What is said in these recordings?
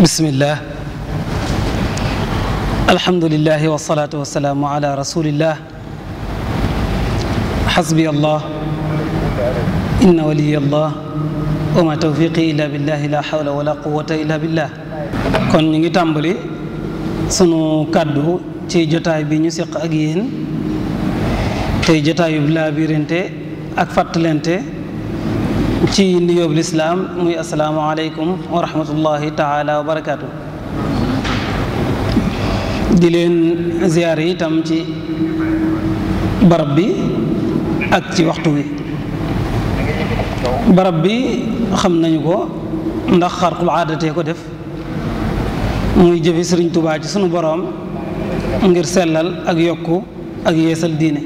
bismillah alhamdulillahi wasalaatu wasalaamu ala rasulillah xasbi allah inna waliy allah wa ma tawfiqi illa billahi la xawla wala quwata illa billah kon ñu ngi tàmbali sunu kàddu ci jotaay bi ñu seq ak yéen tey jotaayub laabirante ak fàttalente ci nuyoob lislaam muy asalaamaaleykum wa rahmatullahi taala wa barakaatu. di leen ziyaare itam ci barab bi ak ci waxtu wi barab bi xam nañu ko ndax xarqul aadate ko def muy jëfi sëriñ tubaa ci sunu boroom ngir sellal ak yokku ak yeesal diine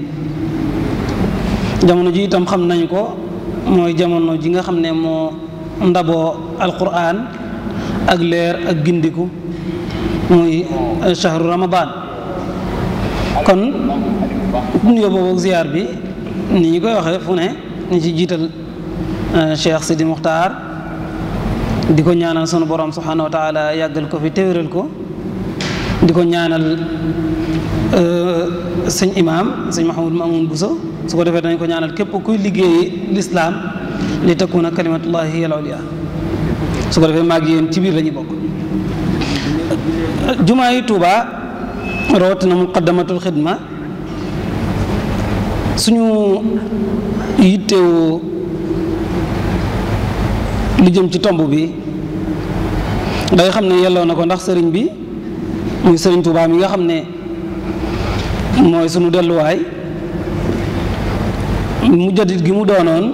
jamono ji itam xam nañu ko mooy jamono ji nga xam ne moo ndaboo alquran ak leer ak gindiku muy shahru ramadan kon nuyoo boobu ak ziyaar bi ni ñu koy waxee fu ne ñu ci jiital euh, Cheikh Sidi Muxtaar di ko ñaanal sunu borom subhanahu wa taala yàggal ko fi téwéral ko di ko ñaanal euh, sëñ imaam sëñ Mahamadou Mamoun Bousso su ko defee dañ ko ñaanal képp kuy liggéey lislaam li takkuuna kalimatullahi hiya al-ulya ko defee maag yéen ci biir lañuy ñuy bokk jumaa yi Tuuba rawatina muqaddamatul xidma suñu yittewoo lu jëm ci tomb bi danga xam ne yelloo na ko ndax sëriñ bi muy sëriñ Tuubaa mi nga xam ne mooy sunu delluwaay mujjadit gi mu doonoon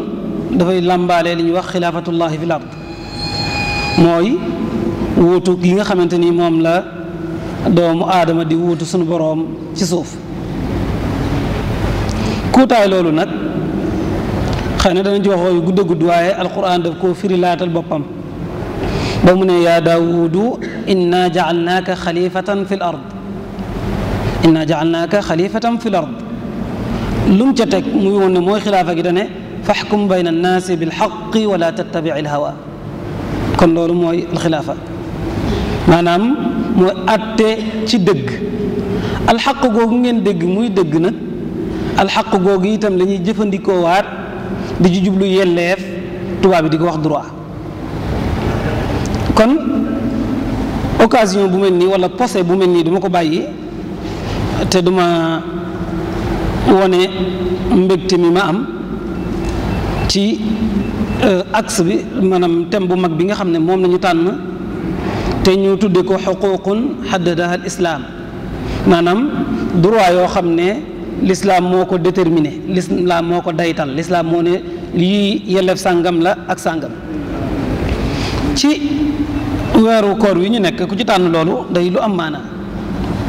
dafay làmbaale li ñuy wax xilaafatullahi fil ard mooy wuutu gi nga xamante ni moom la doomu aadama di wuutu suñu boroom ci suuf kuutaay loolu nag xëy na dana ci waxoo yu gudd waaye alquran daf koo firi laatal boppam ba mu ne yaa daawudu inna jaalnaaka xalifatan fi l ard inna jaalnaaka xalifatan fi l ard lu ca teg muy woon ne mooy xilaafa gi dane fa bayna annaasi bilxaqi wala tattabic ilhawa kon loolu mooy alxilaafa ci dëgg alxaq googu ngeen dégg muy dëgg nag alxaq googu itam la ñuy jëfandikoo waat bi ci jublu yelleef tubaab bi di ko wax droit kon occasion bu mel nii wala pose bu mel nii duma ko bàyyi te duma wone mbégte mi ma am ci euh, axe bi maanaam thème bu mag bi nga xam ne moom la tànn te ñu tudde ko xuququn xaddadaha al islaam maanaam droit yoo xam ne lislaam moo ko déterminé l'islam moo ko daytal lislaam moo ne lii yelleef sàngam la ak sàngam ci weeru koor wi ñu nekk ku ci tànn loolu day lu am maana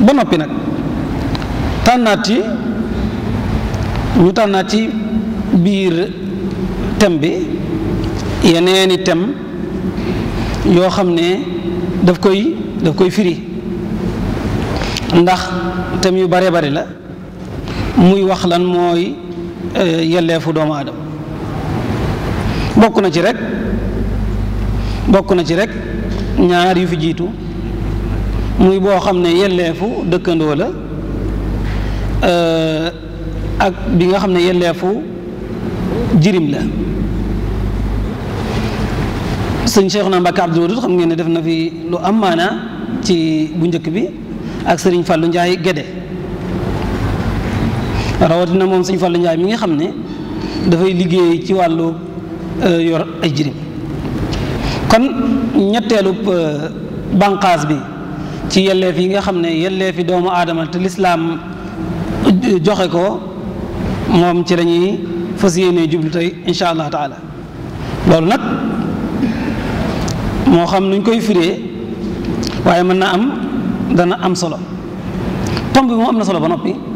ba noppi nag tànnaat ci ñu tànnaat ci biir tem bi yeneeni thème yoo xam ne daf koy daf koy firi ndax thème yu bare bari la muy wax lan mooy euh, yelleefu doomu aadama bokk na ci rek bokk na ci rek ñaar yu fi jiitu muy boo xam ne yelleefu dëkkandoo la euh, ak bi nga xam ne yelleefu jirim la sëñ Cheikhouna Mbacké Abdou Wadoud xam ngeen ne def na fi lu am ci bu njëkk bi ak sëriñ Fallou njaay Guédé rawatina moom sëñ Fallou Ndiaye mi nga xam ne dafay liggéey ci wàllu euh, yor ay jirim kon ñetteelu euh, banqaas bi ci yelleef yi nga xam ne yelleef doomu aadama te lislaam joxe ko moom ci lañuy fas yéene jublu tey incha allah taala loolu nag moo xam nuñ koy firee waaye mën na am dana am solo tomb bi moom am na solo ba noppi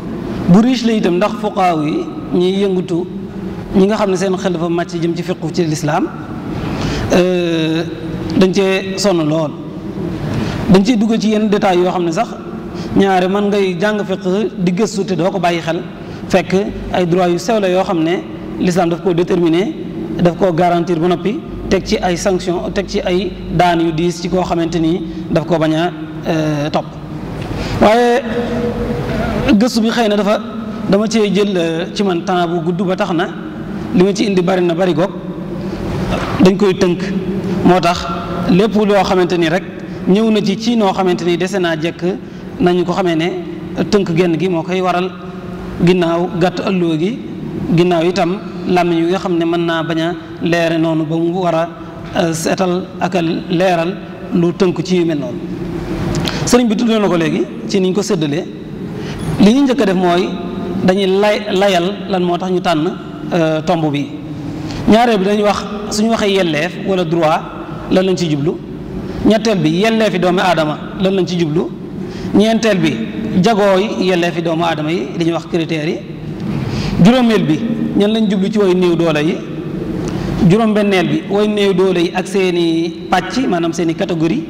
bu riche la itam ndax fuqaaw yi ñuy yëngatu ñi nga xam ne seen xel dafa màcc jëm ci fiqu ci lislaam euh, dañ cee sonn lool dañ cee dugg ci yenn détails yoo xam ne sax ñaare man ngay jàng fiq di gëstu te doo ko bàyyi xel fekk ay droit yu sew la yoo xam ne lislaam daf koo déterminer daf koo garantir ba noppi teg ci ay sanction teg ci ay daan yu diis ci koo xamante ni daf koo bañ a euh, topp waaye gëstu bi xëy na dafa dama cee jël euh, ci man temps bu gudd ba tax na li ma ci indi bari na bari goog dañ koy tënk moo tax lépp loo xamante ni rek ñëw na ci ci noo xamante ni dese naa jekk nañu ko xamee ne tënk genn gi moo koy waral ginnaaw gàtt ëlloo gi ginnaaw itam làmmiñ wi nga xam ne mën naa bañ a leere noonu ba mu war a euh, seetal ak a leeral lu tënk ci yu mel noonu sëriñ bi tudd na ko léegi ci niñ ko séddalee li ñu njëkk a def mooy dañuy lay layal lan moo tax ñu tànn euh, tomb bi ñaareel bi dañuy wax suñu waxee yelleef wala droit lan lañ ci jublu ñetteel bi yelleefi doomu aadama lan lañ ci jublu ñeenteel bi jagoo yi doomu aadama yi li ñuy wax critères yi juróomeel bi ñan lañ jublu ci way néew doole yi juróom-benneel bi way néew doole yi ak seeni pàcc maanaam seeni catégorie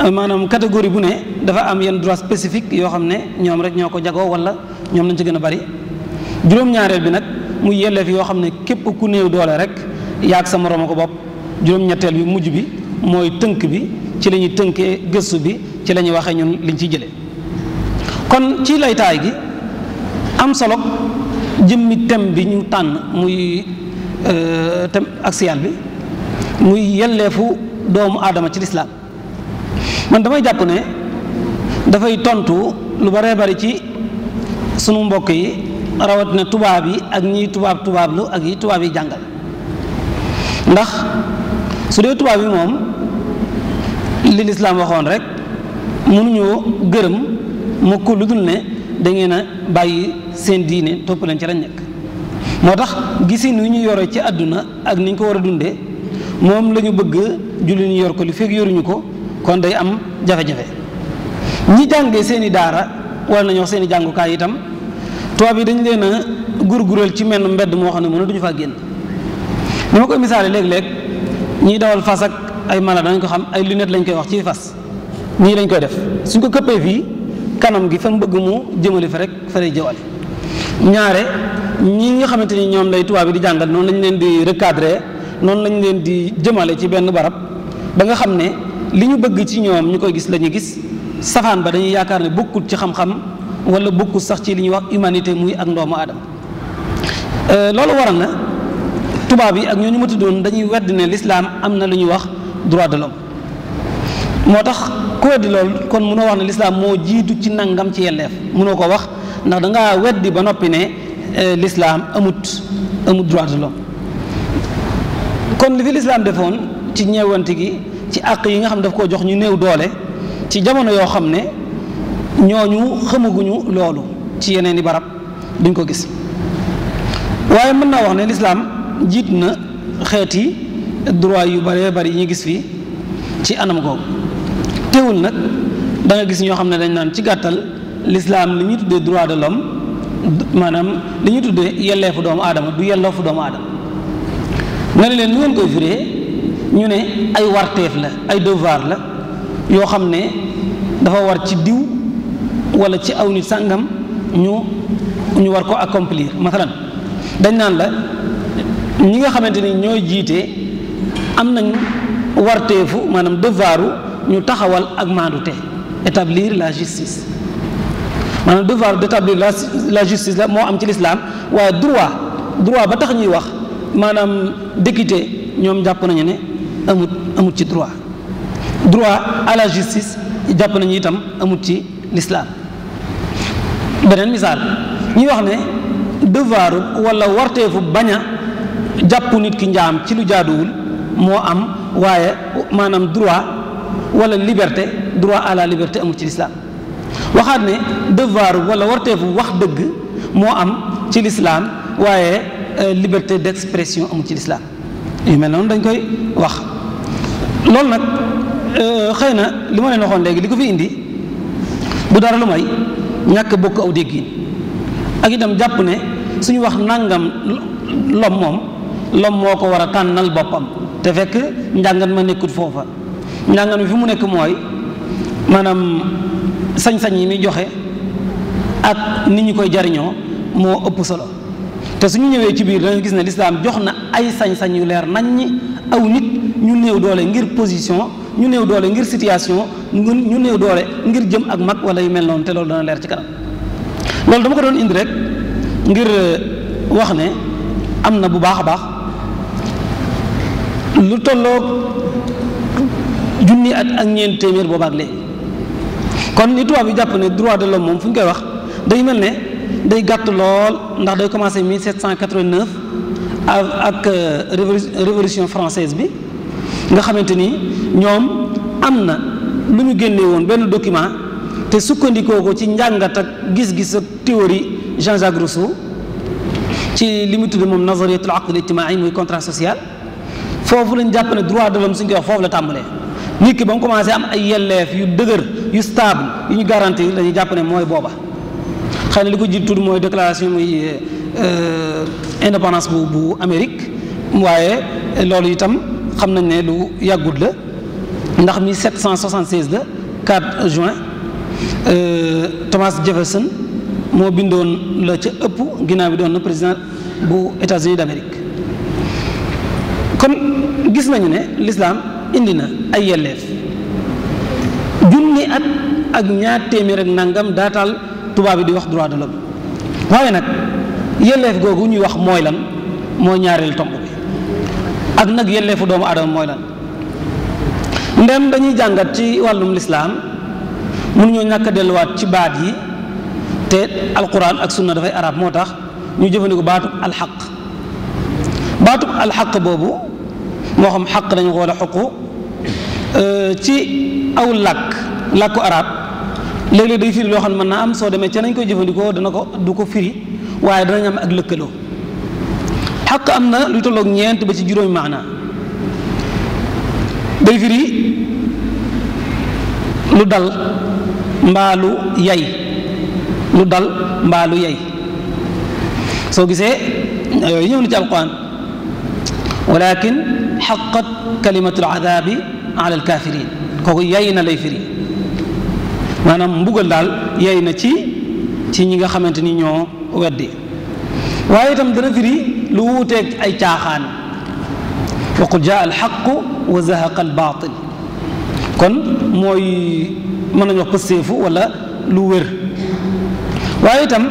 Eh, maanaam catégorie bu ne dafa am yenn droit spécifique yoo xam ne ñoom rek ñoo ko jagoo wala ñoom lañ ci gën a bari juróom-ñaareel bi nag muy yelleef yoo xam ne képp ku néew doole rek yaag sa moroom ko bopp juróom-ñetteel bi mujj bi mooy tënk bi ci la ñuy tënkee gëstu bi ci la ñuy waxee ñun liñ ciy jëlee kon ci laytaay gi am solo jëmmi thème bi ñu tànn muy euh, thème axial bi muy yelleefu doomu aadama ci lislaam man damay jàpp ne dafay tontu lu baree bari ci sunu mbokk yi rawatina tubaab yi ak ñiy tubaab tubaab lu ak yi tubaab yi jàngal ndax su dee tubaab yi moom li lislaam waxoon rek mënuñoo gërëm mukk lu dul ne da ngeen a bàyyi seen diine topp leen ci lañ nekk moo tax gisin wi ñu yore ci àdduna ak niñ ko war a dundee moom lañu ñu bëgg julli ñu yor ko li fekk yoruñu ko kon day am jafe-jafe ñi jàngee seen daara wala nañu wax seen i jàngukaay itam tubaab yi dañ leen a gurgural ci menn mbedd moo xam ne mënatuñu faa génn ni ma koy misaale léeg-léeg dawal fas ak ay mala dañ ko xam ay lunette lañ koy wax ci fas nii lañ koy def suñ ko këppee fii kanam gi fa mu bëgg mu jëmale fa rek fa lay jëwale ñaare ñi nga xamante ni ñoom lay tubaab bi di jàngal noonu lañu leen di recadrer noonu lañ leen di jëmale ci benn barab ba nga xam ne li ñu bëgg ci ñoom ñu koy gis la gis safaan ba dañuy yaakaar ne bokkut ci xam-xam wala bokkut sax ci li ñuy wax humanité muy ak ndoomu aadama euh, loolu waral na tubaab yi ak ñooñu ma tuddoon dañuy wedd ne lislaam am na lu ñuy wax droit de moo tax ku weddi kon mënoo wax ne lislaam moo jiitu ci nangam ci yelleef mënoo ko wax ndax dangaa weddi ba noppi ne euh, lislaam amut amut droit de kon li fi lislaam defoon ci ñeewante gi ci àq yi nga xam daf ko jox ñu néew doole ci jamono yoo xam ne ñooñu xamaguñu loolu ci yeneen i barab duñ ko gis waaye mën naa wax ne lislaam jiit na xeeti droit yu bëree bëri yi ñu gis fii ci anam googu teewul nag da gis ñoo xam ne dañ naan ci gàttal lislaam li ñuy tuddee droit de l'homme maanaam li ñuy tuddee yelleefu doomu aadama du yelleefu doomu aadama nga ne leen lu ngeen koy firee ñu ne ay warteef la ay devoir la yoo xam ne dafa war ci diw wala ci aw nit sàngam ñu ñu war ko accomplir masalan dañ naan la ñi nga xamante ni ñooy jiite am nañ warteefu maanaam devoiru ñu taxawal ak maandute établir la justice maanaam devoir d'établir la la justice la moo am ci lislaam waaye droit droit ba tax ñuy wax maanaam d'équité ñoom jàpp nañu ne amut amut ci droit droit à la justice jàpp nañu itam amut ci lislaam beneen misaal ñuy wax ne devoiru wala warteefu bañ a jàpp nit ki njaam ci lu jaaduwul moo am waaye maanaam droit wala liberté droit à la liberté amut ci lislaam waxaat ne devoir wala warteefu wax dëgg moo am ci lislaam waaye euh, liberté d'expression amul ci lislaam yu mel noonu dañ koy wax loolu nag euh, xëy na li ma leen waxoon léegi li ko fi indi bu dara lu may ñàkk bokk aw déggin ak itam jàpp ne suñu wax nangam lom moom lom moo ko war a tànnal boppam te fekk njàngat ma nekkut foofa njàngan mi fi mu nekk mooy maanaam sañ-sañ yi muy joxe ak nit ñu koy jariñoo moo ëpp solo te suñu ñëwee ci biir dañu gis ne lislaam jox na ay sañ-sañ yu leer nañ ñi aw nit ñu néew doole ngir position ñu néew doole ngir situation ñu néew doole ngir jëm ak mag wala yu mel noonu te loolu dana leer ci kanam loolu dama ko doon indi rek ngir euh, wax ne am na bu baax a baax lu tolloog junni at ak ñeent téeméer boobaak léegi kon ni tubaab yi jàpp ne droit de l'homme moom fu ñu koy wax day mel ne day gàtt lool ndax day commencé 1789 ak ak euh, révolution française bi nga xamante ni ñoom am na lu ñu génne woon benn document te sukkandikoo ko ci njàngat ak gis-gis ak théorie Jean-Jacques Rousseau ci li mu tudd moom nazariyatul aqd ijtimaai muy contrat social foofu lañ jàpp ne droit de l'homme suñ koy foofu la tàmbalee nit ki ba mu commencé am ay yelleef yu dëgër yu stable yu ñu garanti la ñuy jàpp mooy booba xëy na li ko jiitu tuuti mooy déclaration muy euh, indépendance bu bu Amérique waaye loolu itam xam nañ ne lu yàggut la ndax 1776 la 4 juin euh, Thomas Jefferson moo bindoon la ca ëpp ginnaaw bi doon na président bu États-Unis d'Amérique kon gis nañu ne lislaam indi na ay yelleef junni at ak ñaar téeméer ak nangam daataal. tubaab bi di wax droit de l'homme waaye nag yelleef googu ñuy wax mooy lan mooy ñaareelu tomb bi ak nag yelleefu doomu aadama mooy lan ndem dañuy jàngat ci wàllum lislaam mënuñoo ñàkk a delluwaat ci baat yi te alquran ak sunna dafay arab moo tax ñu jëfandiko baatub alxaq baatub alxaq boobu moo xam xaq dañu ko wala xuqu euh, ci aw làkk làkku arab léeg-léeg day firi loo xam ne mën naa am soo demee ca nañ koy jëfandikoo dana ko du ko firi waaye danañ am ak lëkkaloo xaq am na lu tolloog ñeent ba ci juróomi maanaa day firi lu dal mbaa lu yay lu dal mbaa lu yay soo gisee yooyu ñëw na ci alquran walakin xaqat kalimatu aladabi ala alkafirin kooku yay na lay firi maanaam mbugal daal yey na ci ci ñi nga xamante ni ñoo weddi waaye itam dana firi lu wuuteeg ay caaxaan wa qul jaa al wa zahaqa al kon mooy mën nañu wax pëstéefu wala lu wér waaye itam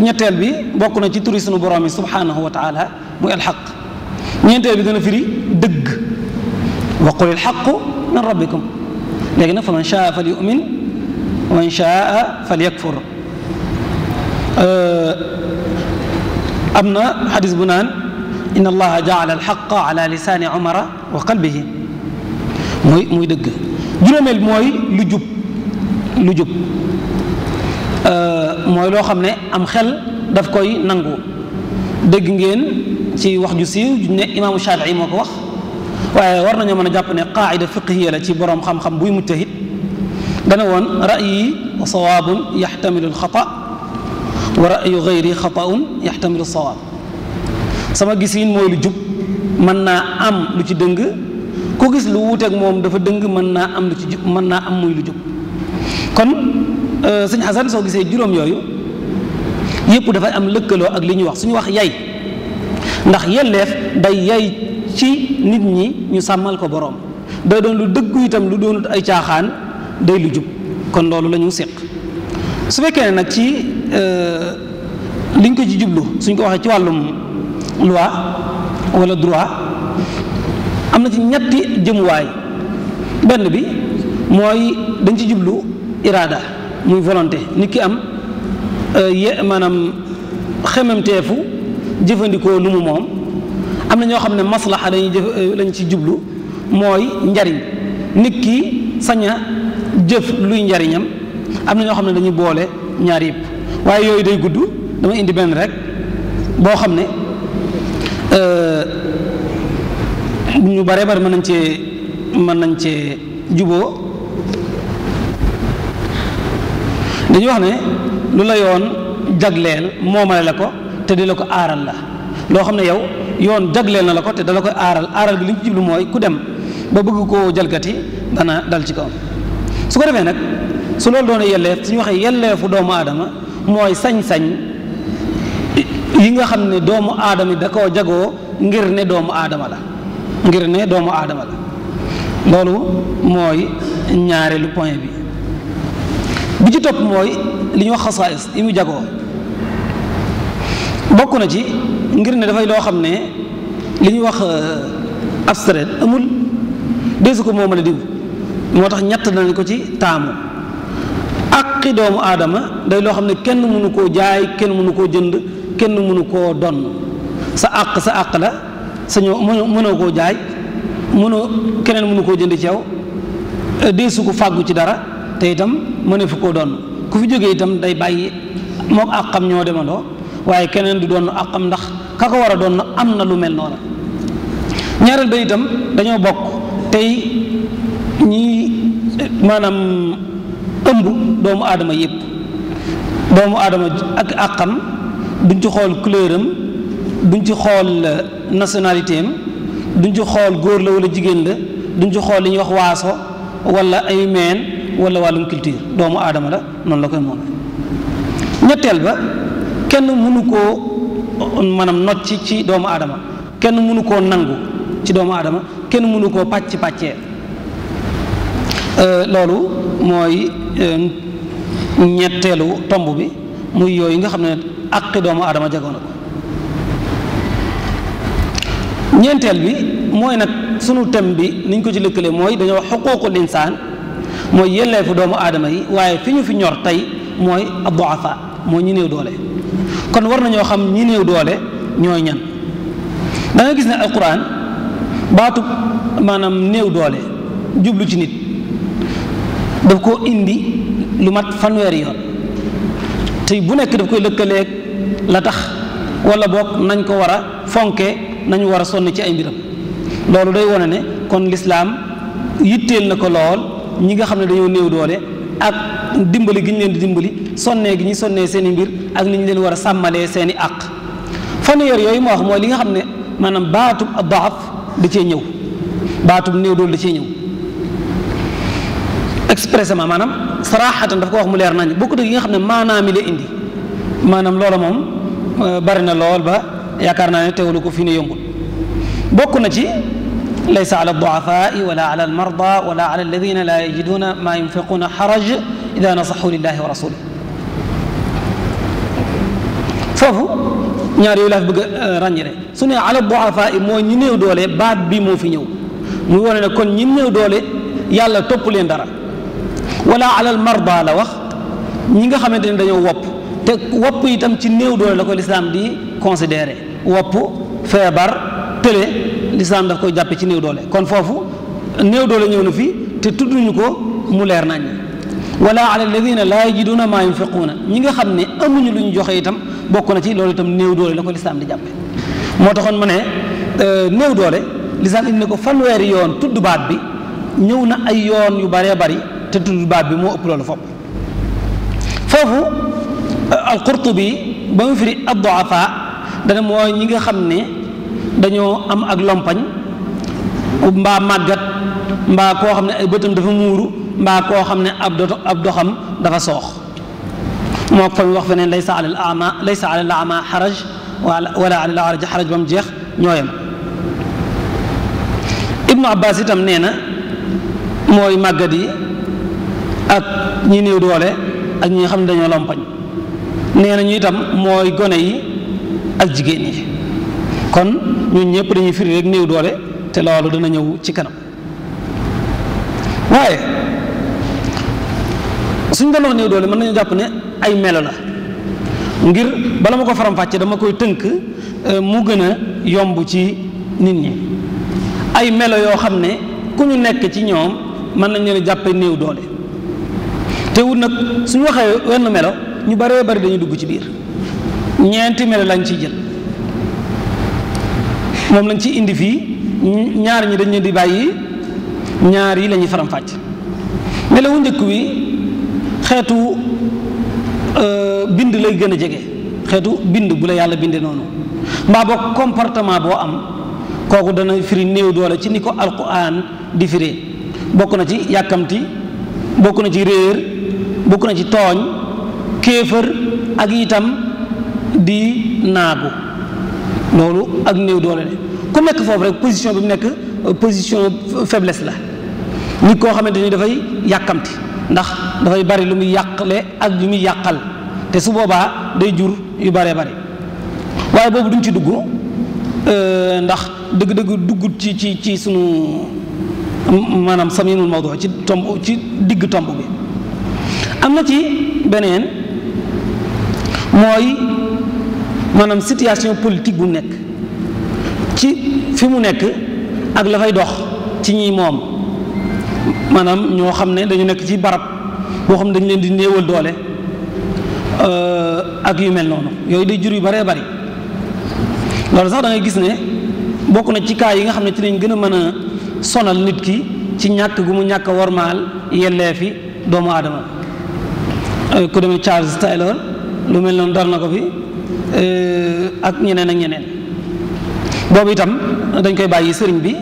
ñetteel bi bokk na ci turi sunu borom yi subhaanahu wa taala muy alxaq ñeenteel bi dana firi dëgg wa qul alxaqu min rabbikum léegi nag fa man shaa fal yumin wa in shaa falyakfur am na xadis bu naan inna allaha jaala alxaqa ala lisaani umara wa qalbihi muy muy dëgg juróomeel mooy lu jub lu jub mooy loo xam ne am xel daf koy nangu dégg ngeen ci wax ju siiw ne imaamu Shaafi'i moo ko wax waaye war nañoo mën a jàpp ne qaacida fiqhiya la ci boroom xam-xam buy mujtahid dana woon ra'yi sawaabun yaxtamilu alxata wa ra'yu gayri xataun yaxtamilu sawaab sama gisiin mooy lu jub mën naa am lu ci dëng ku gis lu wuuteeg moom dafa dëng mën naa am lu ci jub mën naa am muy lu jub kon euh, sëñ Xasan soo gisee juróom yooyu yëpp dafay am lëkkaloo ak li ñuy wax suñu wax yay ndax yelleef day yay ci nit ñi ñu sàmmal ko boroom day doon lu dëggu itam lu doonut ay caaxaan day lu jub kon loolu la ñu séq su fekkee nag ci euh, liñ ko ci jublu suñ ko waxee ci wàllum loi wala droit am na ci ñetti jëmuwaay benn bi mooy dañ ci jublu iraada muy volonté nit ki am euh, ye maanaam xememteefu jëfandikoo lu mu moom am na ñoo xam ne maslaxa dañuy jëf euh, lañ ci jublu mooy njariñ nit ki saña jëf luy njariñam am na ñoo xam ne dañuy boole ñaar yëpp waaye yooyu day gudd dama indi benn rek boo xam ne euh, ñu bare bare mën nañ cee mën nañ cee juboo dañuy wax ne lu la yoon jagleel moomale la ko te di la ko aaral la loo xam ne yow yoon jagleel na la ko te dala koy aaral aaral bi li ci jublu mooy ku dem ba bëgg koo jalgati dana dal ci kawam su ko defee nag su loolu doon yelleef suñu waxee yelleefu doomu adama mooy sañ-sañ yi nga xam ne doomu aadama da dakoo jagoo ngir ne doomu aadama la ngir ne doomu aadama la loolu mooy ñaareelu point bi bi ci topp mooy li ñuy wax xasaais yi mu jagoo bokk na ci ngir ne dafay loo xam ne li ñuy wax euh, abstrait amul desu ko moom la diw moo tax ñett nañ ko ci taamu àqi doomu aadama day loo xam ne kenn mënu koo jaay kenn mënu koo jënd kenn mënu koo donn sa àq sa àq la sa ñoo mënoo koo jaay mënoo keneen mënu koo jënd ci yow ko fàggu ci dara te itam mëne fu koo donn ku fi jógee itam day bàyyi moom xam ñoo demandoo waaye keneen du doon àqam ndax ka ko war a doon am na lu mel noonu ñaareel ba itam dañoo bokk tey ñi maanaam ëmb doomu aadama yëpp doomu aadama ak àqam duñ ci xool couleur am duñ ci xool nationalité duñ ci xool góor la wala jigéen la duñ ci xool li ñuy wax waaso wala ay meen wala wàllum culture doomu aadama la noonu la koy moom ñetteel ba kenn mënu koo maanaam not ci doomu aadama kenn mënu koo nangu ci doomu aadama kenn mënu koo pàcc pàccee Euh, loolu mooy euh, ñetteelu tomb bi muy yooyu nga xam ne àqi doomu adama jagoo na ñeenteel bi mooy nag sunu thème bi niñ ko ci lëkkalee mooy dañoo wax insaan mooy yelleefu doomu aadama yi waaye fi ñu fi ñor tey mooy ad-du'afa mooy ñi néew doole kon war nañoo xam ñi néew doole ñooy ñan da nga gis ne alquran baatu maanaam néew doole jublu ci nit daf ko indi lu mat fanweer yoon tey bu nekk daf koy lëkkaleek la tax wala boog nañ ko war a fonkee nañu war a sonn ci ay mbiram loolu day wone ne kon lislaam yitteel na ko lool ñi nga xam ne dañoo new doole ak dimbali gi ñu leen di dimbali sonnee gi ñu sonnee seen i mbir ak ni ñu leen war a sàmmalee seeni i àq fanweer yooyu ma mooy li nga xam ne maanaam baatub daaf da cee ñëw baatub néew doole da cee ñëw expressément maanaam saraaxatan dafa ko wax mu leer nañ bokkut ak yi nga xam ne maanaam mi la indi maanaam loola moom euh, bari na lool ba yaakaar naa ne teewlu ko fii ne yombul bokk na ci laysa ala duafai wala ala almarda wala ala alladina la yajiduna ma yunfiquna xaraj ida nasaxu lillahi wa rasulih foofu ñaar yooyu laa fi bëgg a euh, ràññee su ne ala duafa yi mooy ñi néew doole baat bi moo fi ñëw muy wane ne kon ñi néew doole yàlla topp leen dara wala alal marda la wax ñi nga xamante ne dañoo wopp te wopp itam ci néew doole la ko lislaam di considere wopp feebar tële lislaam daf koy jàppe ci néew doole kon foofu néew doole ñëw na fii te tudduñu ko mu leer nañ wala ala alladina laa yajiduuna maa yunfiquuna ñi nga xam ne amuñu lu ñu joxe itam bokk na ci loolu itam néew doole la ko lislaam di jàppe moo taxoon ma ne euh, néew doole lislaam indi na ko fanweeri yoon tudd baat bi ñëw na ay yoon yu baree bari te tudd baab bi moo ëpp loolu fopp foofu euh, alqurtubi ba mu firi adduafa dana mooy ñi nga xam ne dañoo am ak lompañ mbaa màggat mbaa koo xam ne ay bëtam dafa muuru mbaa koo xam ne ab doxam dafa soox moo fa mu wax feneen laysa alal ama laysa alal ama xaraj alal araj xaraj ba mu jeex ñooyam ibnu abbas itam nee na mooy màggat yi ak ñi néew doole ak ñi xam ne dañoo lompañ nee nañu itam mooy gone yi ak jigéen ñi kon ñun ñëpp dañuy firi rek néew doole te loolu dana ñëw ci kanam waaye suñ doon wax néew doole mën nañu jàpp ne ay melo la ngir bala ma ko faram dama koy tënk euh, mu gën a yomb ci nit ñi ay melo yoo xam ne ku ñu nekk ci ñoom mën nañ leen a jàppe néew doole teewul nag suñu waxee wenn melo ñu baree bari dañuy dugg ci biir ñeenti melo lañ ciy jël moom lañ ci indi fii ñaar ñi dañ leen di bàyyi ñaar yi la ñuy faram-fàcc melawu njëkk wi xeetu euh, bind lay gën a jege xeetu bind bu la yàlla binde noonu mbaa boog comportement boo am kooku dana firi néew doole ci ni ko alquran di firee bokk na ci yàkkamti bokk na ci réer bokk na ci tooñ kéefër ak itam di naagu loolu ak néew doole ne ku nekk foofu rek position bi mu nekk position faiblesse la nit koo xamante ni dafay yàkkamti ndax dafay bari lu muy yàqle ak lu muy yàqal te su boobaa day jur yu baree bari waaye boobu duñ ci dugg euh, ndax dëgg-dëgg dugg ci ci ci sunu maanaam samimul mawdu ci tomb ci digg tomb bi am na ci beneen mooy maanaam situation politique bu nekk ci fi mu nekk ak la fay dox ci ñi moom maanaam ñoo xam ne dañu nekk ci barab boo xam ne dañu leen di néewal doole euh, ak yu mel noonu yooyu de jur yu baree bari loolu sax da gis ne bokk na ci cas yi nga xam ne ci lañ gën a mën a sonal nit ki ci ñàkk gu mu ñàkk a wormaal yelleefi doomu aadama Euh, ku demee Charles Taylor lu mel noonu dal na ko fi euh, ak ñeneen ak ñeneen boobu itam dañ koy bàyyi sëriñ bi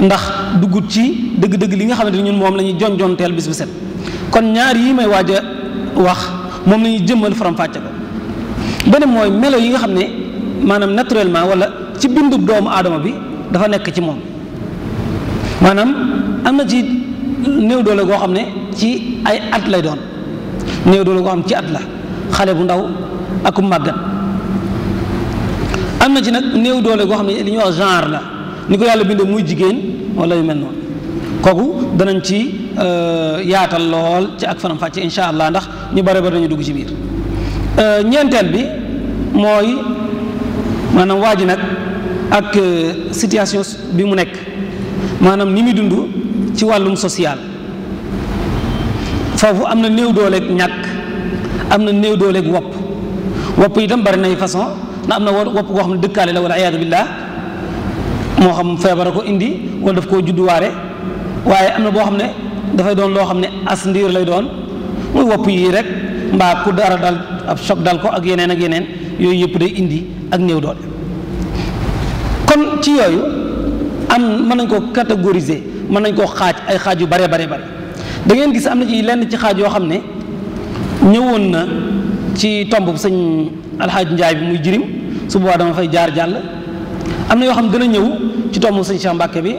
ndax duggut ci dëgg-dëgg li nga xamante ni ñun moom la ñuy jon jonteel bis bu set kon ñaar yi may waaj a wax moom lañuy ñuy jëmmal faram-fàcce ko beneen mooy melo yi nga xam ne maanaam naturellement wala ci bindu doomu aadama bi dafa nekk ci moom maanaam am na ci néew doole goo xam ne ci ay at lay doon néew doole ko xam ci at la xale bu ndaw ak màggat am na ci nag néew doole goo xam ne li ñuy genre la ni ko yàlla bindee muy jigéen wala yu mel noonu kooku danañ ci euh, yaatal lool ci ak faram fàcce incha allah ndax ñu bare bare nañu dugg ci biir euh, ñeenteel bi mooy maanaam waa ji nag ak euh, situation bi mu nekk maanaam ni muy dund ci wàllum social foofu am na néew dooleeg ñàkk am na néew dooleeg wopp wopp itam bari nay façon na am na wo wopp goo xam ne dëkkaale la wala iyaadu billah moo xam feebara ko indi wala daf koo judduwaare waaye am na boo xam ne dafay doon loo xam ne as lay doon muy wopp yii rek mbaa ku dara dal ab choc dal ko ak yeneen ak yeneen yooyu yëpp day indi ak néew doole kon ci yooyu am mën nañ koo catégoriser mën nañ koo xaaj ay xaaj yu bare bare bare da ngeen gis am na ci lenn ci xaaj yoo xam ne ñëwoon na ci tomb bu sëñ alxaaj njaay bi muy jirim su boobaa dama fay jaar jàll am na yoo xam gën a ñëw ci tomb sëñ Cheikh Mbacke bi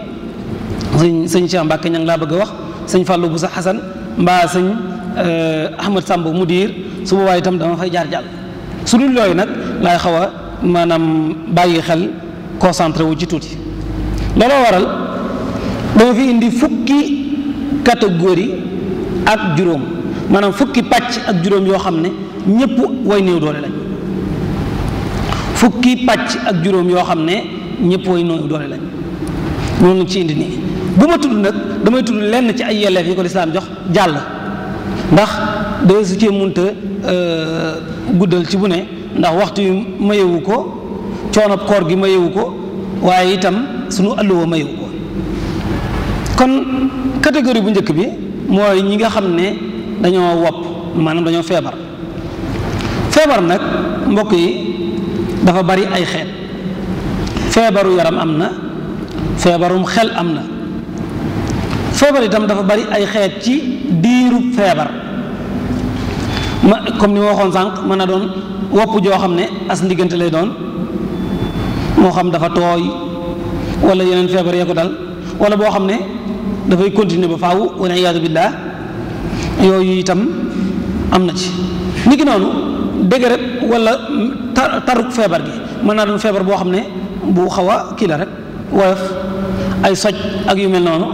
sëñ sëñ Cheikh Mbacke ña ngi laa bëgg a wax sëñ Fallou Boussa Xasan mbaa sëñ euh, Ahmad Samb mudir su boobaa itam dama fay jaar jàll su dul yooyu nag laay xaw a maanaam bàyyi xel concentré wu ci tuuti looloo waral dama fi indi fukki catégorie ak juróom maanaam fukki pàcc ak juróom yoo xam ne ñépp way néew doole lañ fukki pàcc ak juróom yoo xam ne ñépp way néew doole lañ loolu ci indi nii bu ma tudd nag damay tudd lenn ci ay yelleef yi ko lislaam jox jàll ndax de su cee munta euh, guddal ci bu ne ndax waxtu yu mayewu ko coonob koor gi mayewu ko waaye itam sunu alluwa mayewu ko kon catégorie bu njëkk bi mooy ñi nga xam ne dañoo wopp maanaam dañoo feebar feebar nag mbokk yi dafa bari ay xeet feebaru yaram am na feebarum xel am na feebar itam dafa bari ay xeet ci diiru feebar ma comme ni waxoon sànq mën na doon wopp joo xam ne as ndiggante lay doon moo xam dafa tooy wala yeneen feebar yee ko dal wala boo xam ne dafay continuer ba faaw wala iyaadu billaah yooyu itam am na ci ki noonu dëgëret wala taruk feebar gi mën naa doon feebar boo xam ne bu xaw a kii rek woyof ay soj ak yu mel noonu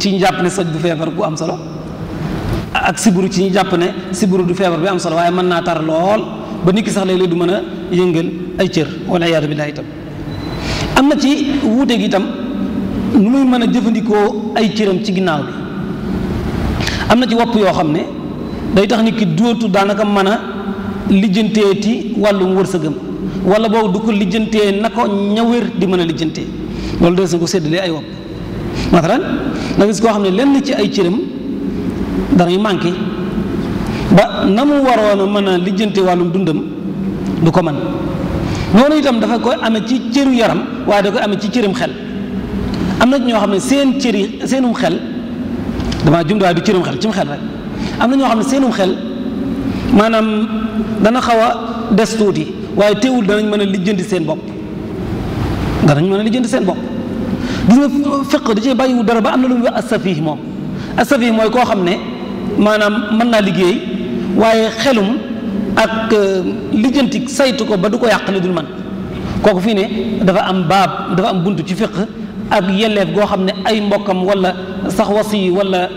ci ñu jàpp ne soj du feebar bu am solo ak siburu ci ñu jàpp ne siburu du feebar bi am solo waaye mën naa tar lool ba nit ki sax léeg-léeg du mën a yëngal ay cër wala iyaadu billaah itam am na ci wuute gi itam nu muy mën a jëfandikoo ay cëram ci ginnaaw bi am na ci wopp yoo xam ne day tax nit ki dootu daanaka mën a lijjanteeti wàllum wërsëgam wala boobu du ko lijjantee na ko ña di mën a lijjantee loolu des na ay wopp matalan xam ne lenn ci ay cëram danay manqué ba na mu waroon mën a lijjante wàllum dundam du ko mën noonu itam dafa koy amee ci cëru yaram waaye da koy amee ci cëram xel am na ñoo xam ne seen cër yi seenum xel damaa jum dawaay du cërum xel ci mu xel rek am na ñoo xam ne seenum xel maanaam dana xaw a des tuuti waaye teewul danañ mën a lijjanti seen bopp danañ mën a lijjanti seen bopp gis nga fiq da cee bàyyiwu dara ba am na lu muy ak asafih moom asafih mooy koo xam ne maanaam mën naa liggéey waaye xelum ak euh, lijjanti saytu ko ba du ko yàq li dul man kooku fii ne dafa am baab dafa am bunt ci fiq ak yelleef goo xam ne ay mbokkam walla sax wasi wala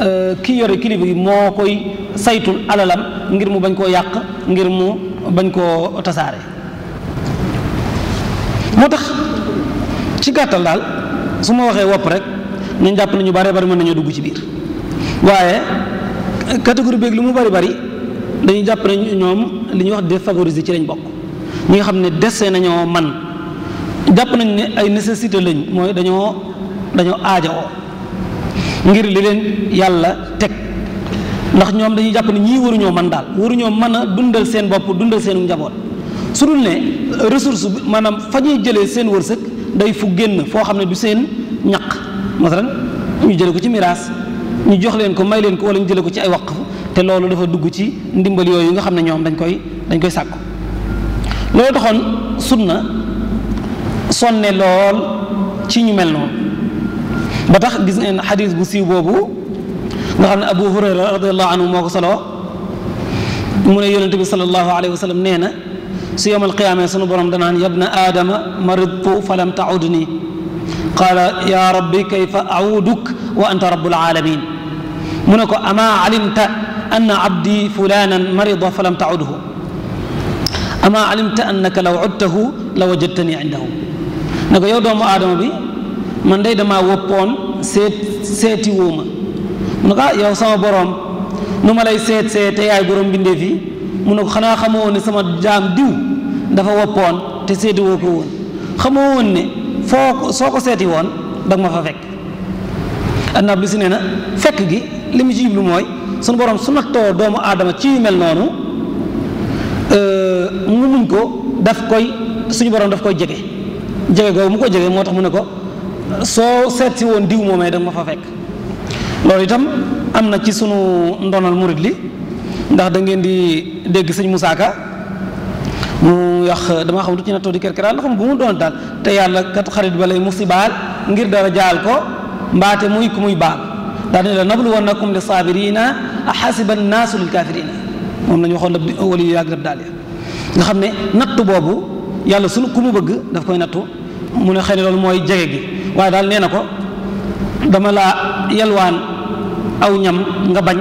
euh, ki yore kilifa yi moo koy saytul alalam ngir mu bañ koo yàq ngir mu bañ koo tasaare moo tax ci gàttal daal su ma waxee wopp rek nañ jàpp nañu bare bari mën nañoo dugg ci biir waaye catégorie beeg lu mu bari bari dañuy jàpp ne ñoom li ñuy wax défavorisé ci lañ bokk ñi nga xam ne dese nañoo man jàpp nañ ne ay nécessité lañ mooy dañoo dañoo aajowoo ngir li leen yàlla teg ndax ñoom dañuy jàpp ne ñii waruñoo man daal waruñoo mën a dundal seen bopp dundal seen njaboot su dul ne ressource bi maanaam fa ñuy jëlee seen wërsëg day fu génn foo xam ne du seen ñaq masalan ñu jële ko ci miraas ñu jox leen ko may leen ko wala ñu jële ko ci ay waqf te loolu dafa dugg ci ndimbal yooyu nga xam ne ñoom dañ koy dañ koy sàkku loolu taxoon sunna sonne lool ci ñu mel noonu ba tax gis ngeen xadis bu siiw boobu nga xam ne abu hurayra radiallahu anhu moo ko soloo mu ne yonente bi salallahu alayhi wa sallam nee na su yowm alqiyaama sunu borom danaan yabna aadama maridtu falam taud nii qaala ya rabbi kayfa auduk wa anta rabbul alamin mu ne ko ama alimta anna abdi fulanan marida falam taudhu ama alimta annaka law udtahu la wajadtani indahu ne ko yow doomu aadama bi man day damaa woppoon seet seeti wuuma mu ne ko ah yow sama boroom nu ma lay seet seet te yaay boroom bindeef yi mu ne ko xanaa xamoo ne sama jaam diw dafa woppoon te seetiwoo woo ko woon xamoo woon ne foo soo ko seeti woon danga ma fa fekk adnab li si nee na fekk gi li mu lu mooy sunu borom su nattoo doomu aadama ci yu mel noonu euh, mu muñ ko daf koy suñu borom daf koy jege jege googu mu ko jege moo tax mu ne ko soo seet si woon diw moomee da nga fa fekk loolu itam am na ci sunu ndonal murit li ndax da ngeen di dégg sëñ Moussa Ka mu yàq damaa xam du ci nattoo di kerkeraal ndax bu mu daal te yàlla kat xarit ba lay musibaal ngir dara jaal ko mbaate muy ku muy baal daal ne la nabluwannakum li saabirina ahasiba annaasu lil kaafirina moom la ñu waxoon dab yàgg daal xam ne natt boobu yàlla sunu ku mu bëgg daf koy nattu mu ne xëy loolu mooy jege gi waaye daal nee na ko dama laa yalwaan aw ñam nga bañ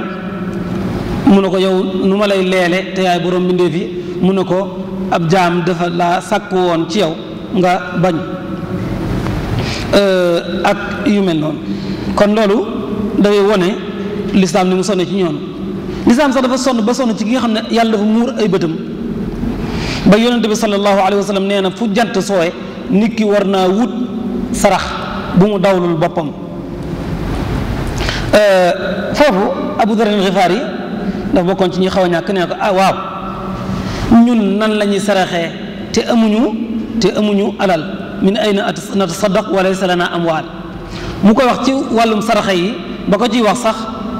mu ne ko yow nu ma lay leele te yaay borom mbindéef yi mu ne ko ab jaam dafa laa sàkk woon ci yow nga bañ euh, ak yu mel noonu kon loolu day wone lislaam ni mu sonne ci ñoom lislaam sax dafa sonn ba sonn ci ki nga xam ne yàlla dafa muur ay bëtam ba yonente bi sallallahu alayhi wa sallam nee na fu jant sooy nit ki war naa wut sarax bu mu dawlul boppam euh, foofu Abu Dar yi dafa bokkoon ci ñi xaw a ñàkk ah, nan la ñuy saraxee te amuñu te amuñu alal min ayna natasaddaq wa laysa lana amwaal mu koy wax ci wàllum saraxa yi ba ko ciy wax sax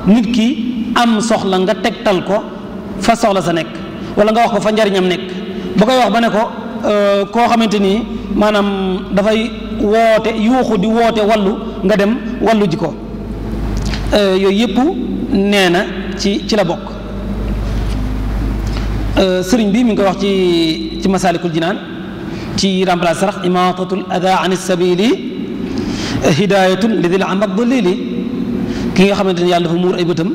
nit ki am soxla nga tegtal ko fa soxla sa nekk wala nga wax ko fa njariñam nekk ba koy wax ba ne ko euh, koo xamante ni maanaam dafay woote yuuxu di woote wallu nga dem wallu ji ko euh, yooyu yëpp nee na ci ci la bokk euh, sëriñ bi mu ngi koy wax ci ci masaalikul jinaan ci remplace sarax imaatatul ada an sabili hidayatun li dil amak ba léeli ki nga xamante ni yàlla dafa muur ay bëtam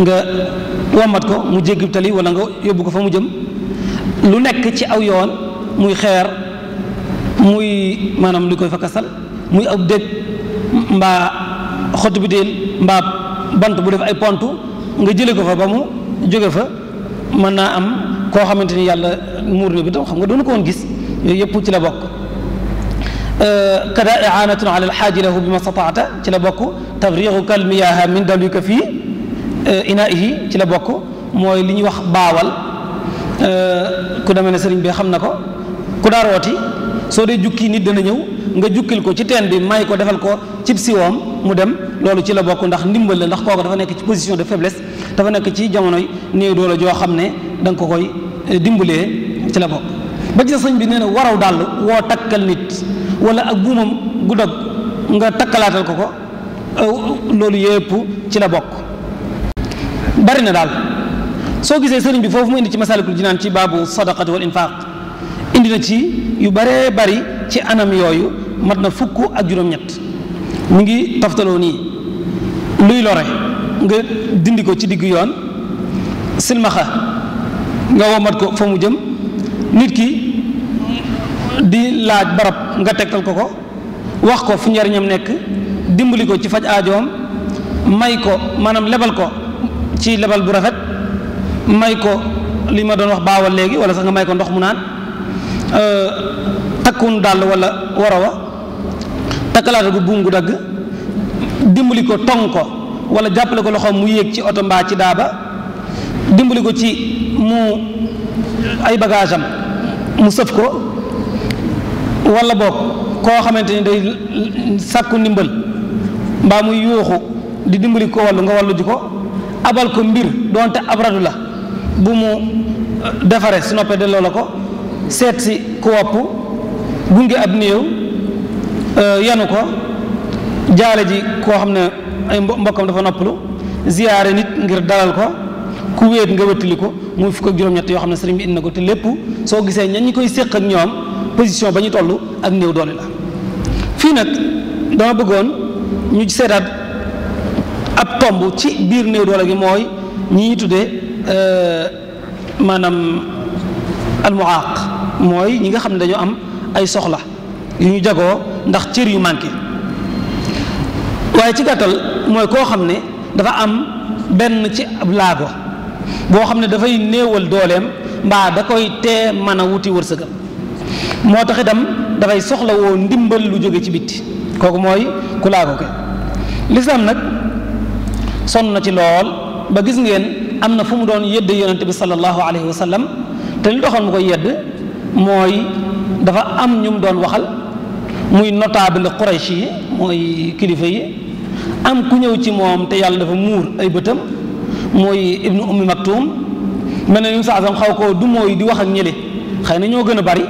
nga wommat ko mu jéggi tali wala nga yóbbu ko fa mu jëm lu nekk ci aw yoon muy xeer muy maanaam lu koy fa kasal muy ab dëkk mbaa xot bi déen mbaa bant bu def ay pontu nga jële ko fa ba mu jóge fa mën naa am koo xamante ni yàlla muur na bi tam xam nga doonu ko gis yooyu yëpp ci la bokk euh, kada iaanatun ala alxaaji lahu bi ma stataata ci la bokk tafrixu kalmiyaha min dalwika fii euh, inaihi ci la bokk mooy li ñuy wax baawal Euh, ku demee ne sëriñ bi xam na ko ku daa rooti soo dee jukki nit dana ñëw nga jukkil ko ci teen bi may ko defal ko cib siwoom mu dem loolu ci la bokk ndax ndimbal la ndax kooku dafa nekk ci position de faiblesse dafa nekk ci jamonoy néew doole joo xam ne danga nga ko koy euh, dimbalee ci la bokk ba ci sëñ bi nee na waraw daal woo takkal nit wala ak buumam gu dog nga takkalaatal ko ko euh, loolu yépp ci la bokk bari na daal soo gisee sëriñ bi foofu mu indi ci masalikul jinaan ci baabu sadaqati wal infaq indi na ci yu bare bari ci anam yooyu mat na fukk ak juróom-ñett mu ngi toftaloo nii luy lore nga dindi ko ci digg yoon silmaxa nga womat ko fa mu jëm nit ki di laaj barab nga tegtal ko ko wax ko fu njariñam nekk dimbali ko ci faj aajoom may ko maanaam lebal ko ci lebal bu rafet may ko li ma doon wax baawal léegi wala sax nga may ko ndox mu naan euh, takkun dàll walla warawa takkalaata gu buum gu dagg dimbali ko tong ko wala jàppale ko loxoom mu yéeg ci oto mbaa ci daaba dimbali ko ci mu ay bagage mu sëf ko wala boog koo xamante ni day sàkku ndimbal mbaa muy yuuxu di dimbali ko wallu nga wallu ko abal ko mbir doonte abradu la bu mu defaree su noppee delloo la ko seet si ku wopp gunge ab néew euh, yanu ko jaale ji koo xam ne ay mbo mbokkam dafa noppalu ziyaare nit ngir dalal ko ku wéet nga wëttali ko muy fukk ak juróom-ñett yoo xam ne sëriñ bi na ko te lépp soo gisee ñan ñi koy séq ak ñoom position ba ñu toll ak néew doole la fii nag dama bëggoon ñu seetaat ab tomb ci biir néew doole gi mooy ñi ñu tuddee Euh, maanaam almuaaq mooy ñi nga xam ne dañoo am ay soxla yu ñu jagoo ndax cër yu manqué waaye ci gàttal mooy koo xam ne dafa am benn ci ab laago boo xam ne dafay néewal dooleem mbaa da koy tee man a wuti wërsëgam moo tax itam dafay soxla woo ndimbal lu jóge ci bitti kooku mooy ku laago ke lislaam nag sonn na ci lool ba gis ngeen am na fu mu doon yedd yonente bi sallallahu alayhi wa sallam te li doxoon mu koy yedd mooy dafa am ñu mu doon waxal muy notable quraish yi mooy kilifa yi am ku ñëw ci moom te yàlla dafa muur ay bëtam mooy ibnu ummi maktuum mel na ñu saa sam xaw koo du mooy di wax ak ñële xëy na ñoo gën a bari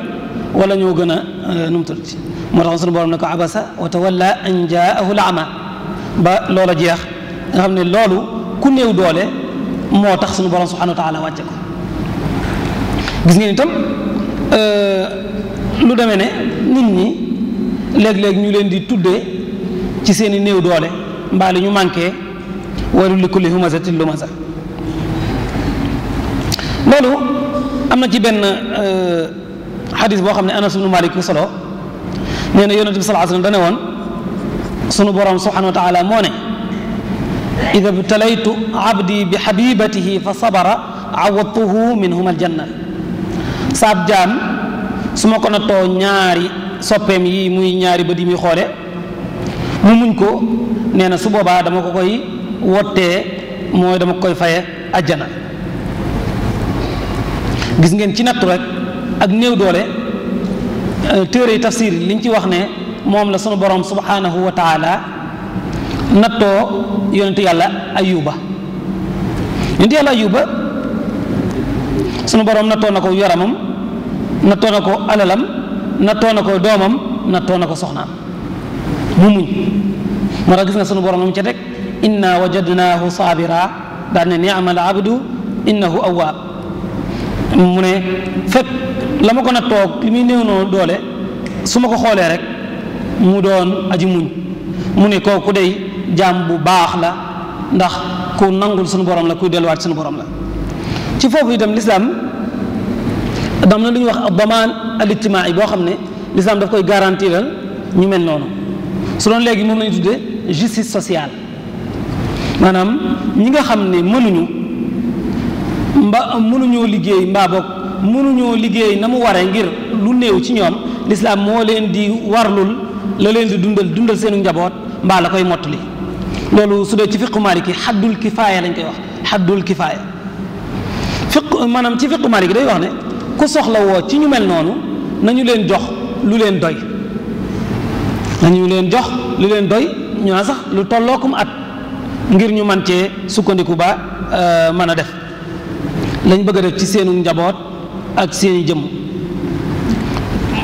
wala ñoo gën a euh, nu mu tudd moo tax sunu borom ne ko abasa wa tawalla an jaahu l ba loola jeex nga xam ne loolu ku néew doole moo tax suñu borom subhanahu wa wàcce ko gis ngeen itam euh, lu demee ne nit ñi léeg-léeg ñu leen di tuddee ci seeni néew doole mbaa li ñu manqué walu li kulli humazatin lumaza loolu am na ci benn euh, xadis boo xam ne anas ibnu malik ku solo nee na yonente bi salaa sallam dane woon sunu borom subhanahu wa taala moo ne ida btalaytu abdi bi xabibatihi fa sabara awadtuhu minhuma aljanna saab jaam su ma ko nattoo ñaari soppeem yi muy ñaari bët yi muy xoole mu muñ ko nee na su boobaa dama ko koy wottee mooy dama koy faye ajjana gis ngeen ci nattu rek ak néew doole euh, téere tafsir liñ ci wax ne moom la sunu borom subhanahu wa taala nattoo yonentu yàlla ayuba yonentu yàlla ayuba sunu boroom nattoo na ko yaramam nattoo na ko alalam nattoo na ko doomam nattoo na ko soxna mu muñ ma tax gis nga sunu boroom lu mu ca teg inna wajadnaahu saabira daal ne ni'mal abdu innahu awwaab mu ne fekk la ma ko nattoo li muy néew doole su ma ko xoolee rek mu doon aji muñ mu ne kooku day jaam bu baax la ndax ku nangul suñu borom la kuy delluwaat suñu borom la ci foofu itam lislaam dam na lu ñuy wax damaan al ijtimaai boo xam ne lislaam daf koy garantiral ñu mel noonu su doon léegi moom la ñu tuddee justice sociale maanaam ñi nga xam ne mënuñu mba mënuñoo liggéey mbaa boog mënuñoo liggéey na mu waree ngir lu néew ci ñoom lislaam moo leen di warlul la leen di dundal dundal seenu njaboot mbaa la koy mott li loolu su dee ci fiqu maaliki xaddul kifaaya lañ koy wax xaddul kifaaya fiq maanaam ci fiqu maaliki day wax ne ku soxla woo ci ñu mel noonu nañu leen jox lu leen doy nañu leen jox lu leen doy ñu sax lu tollookum at ngir ñu man cee sukkandiku ba euh, mën a def lañ bëgg a def ci seenu njaboot ak seeni jëmm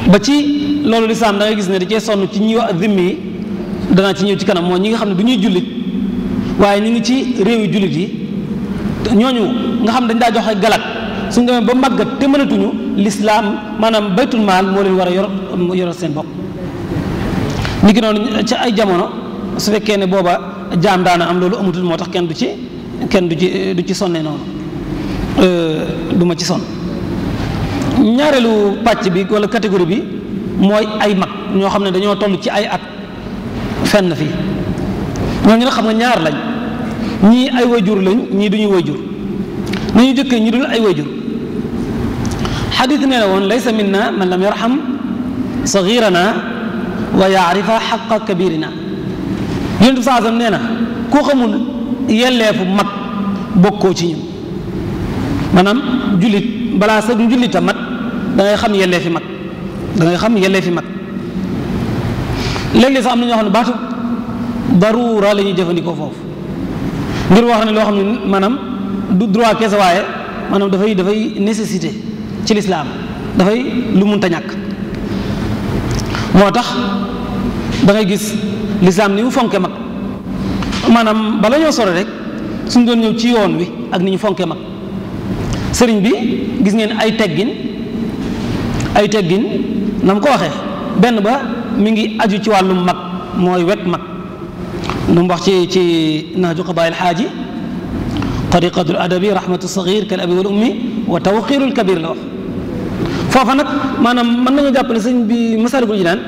ba ci loolu lislaam da ngay gis ne da cee sonn ci ñuy wax zimmi yi danaa ci ñëw ci kanam moo ñi nga xam ne du ñuy jullit waaye ñu ngi ci réew yu jullit yi ñooñu nga xam dañ daa joxe galaat su demee ba màggat te mënatuñu lislaam maanaam baytul maal moo leen war a yor yor seen bopp ni noonu ci ay jamono su fekkee ne booba jaam daana am loolu amatul moo tax kenn du ci kenn du ci du ci sonne noonu euh, du ci sonn ñaareelu pàcc bi walla catégorie bi mooy ay mag ñoo xam ne dañoo toll ci ay at fenn fii ñooñu nag xam nga ñaar lañ ñii ay wajur lañ ñii duñuy wajur nañu jëkkee ñi dul ay wajur xadis nee na woon laysa minna man lam yarxam saxirana wa yaarifa xaqa kabirina yonent bi saasam nee na koo xamul yelleefu mag bokkoo ci ñun maanaam jullit balaa sa jullit a mat da ngay xam yelleefi mag da ngay xam yelleefi mag léeg-léeg am na ñoo xam ne baatu daruura la jëfandikoo foofu ngir wax ne loo xam ne maanaam du droit kese waaye maanaam dafay dafay nécessité ci lislaam dafay lu munta ñàkk moo tax da gis lislaam ni mu fonke mag maanaam bala ñoo sore rek suñ doon ñëw ci yoon wi ak ni ñu fonke mag sëriñ bi gis ngeen ay teggin ay teggin na ko waxee benn ba mu ngi aju ci wàllum mag mooy wet mag lu mu wax ci ci nahju qabail xaaji tariqatu l adabi rahmatu sagir kal abi wal ummi wa tawqiru l kabir la wax foofa nag maanaam mën nañu jàpp sëñ bi masalikul jinaan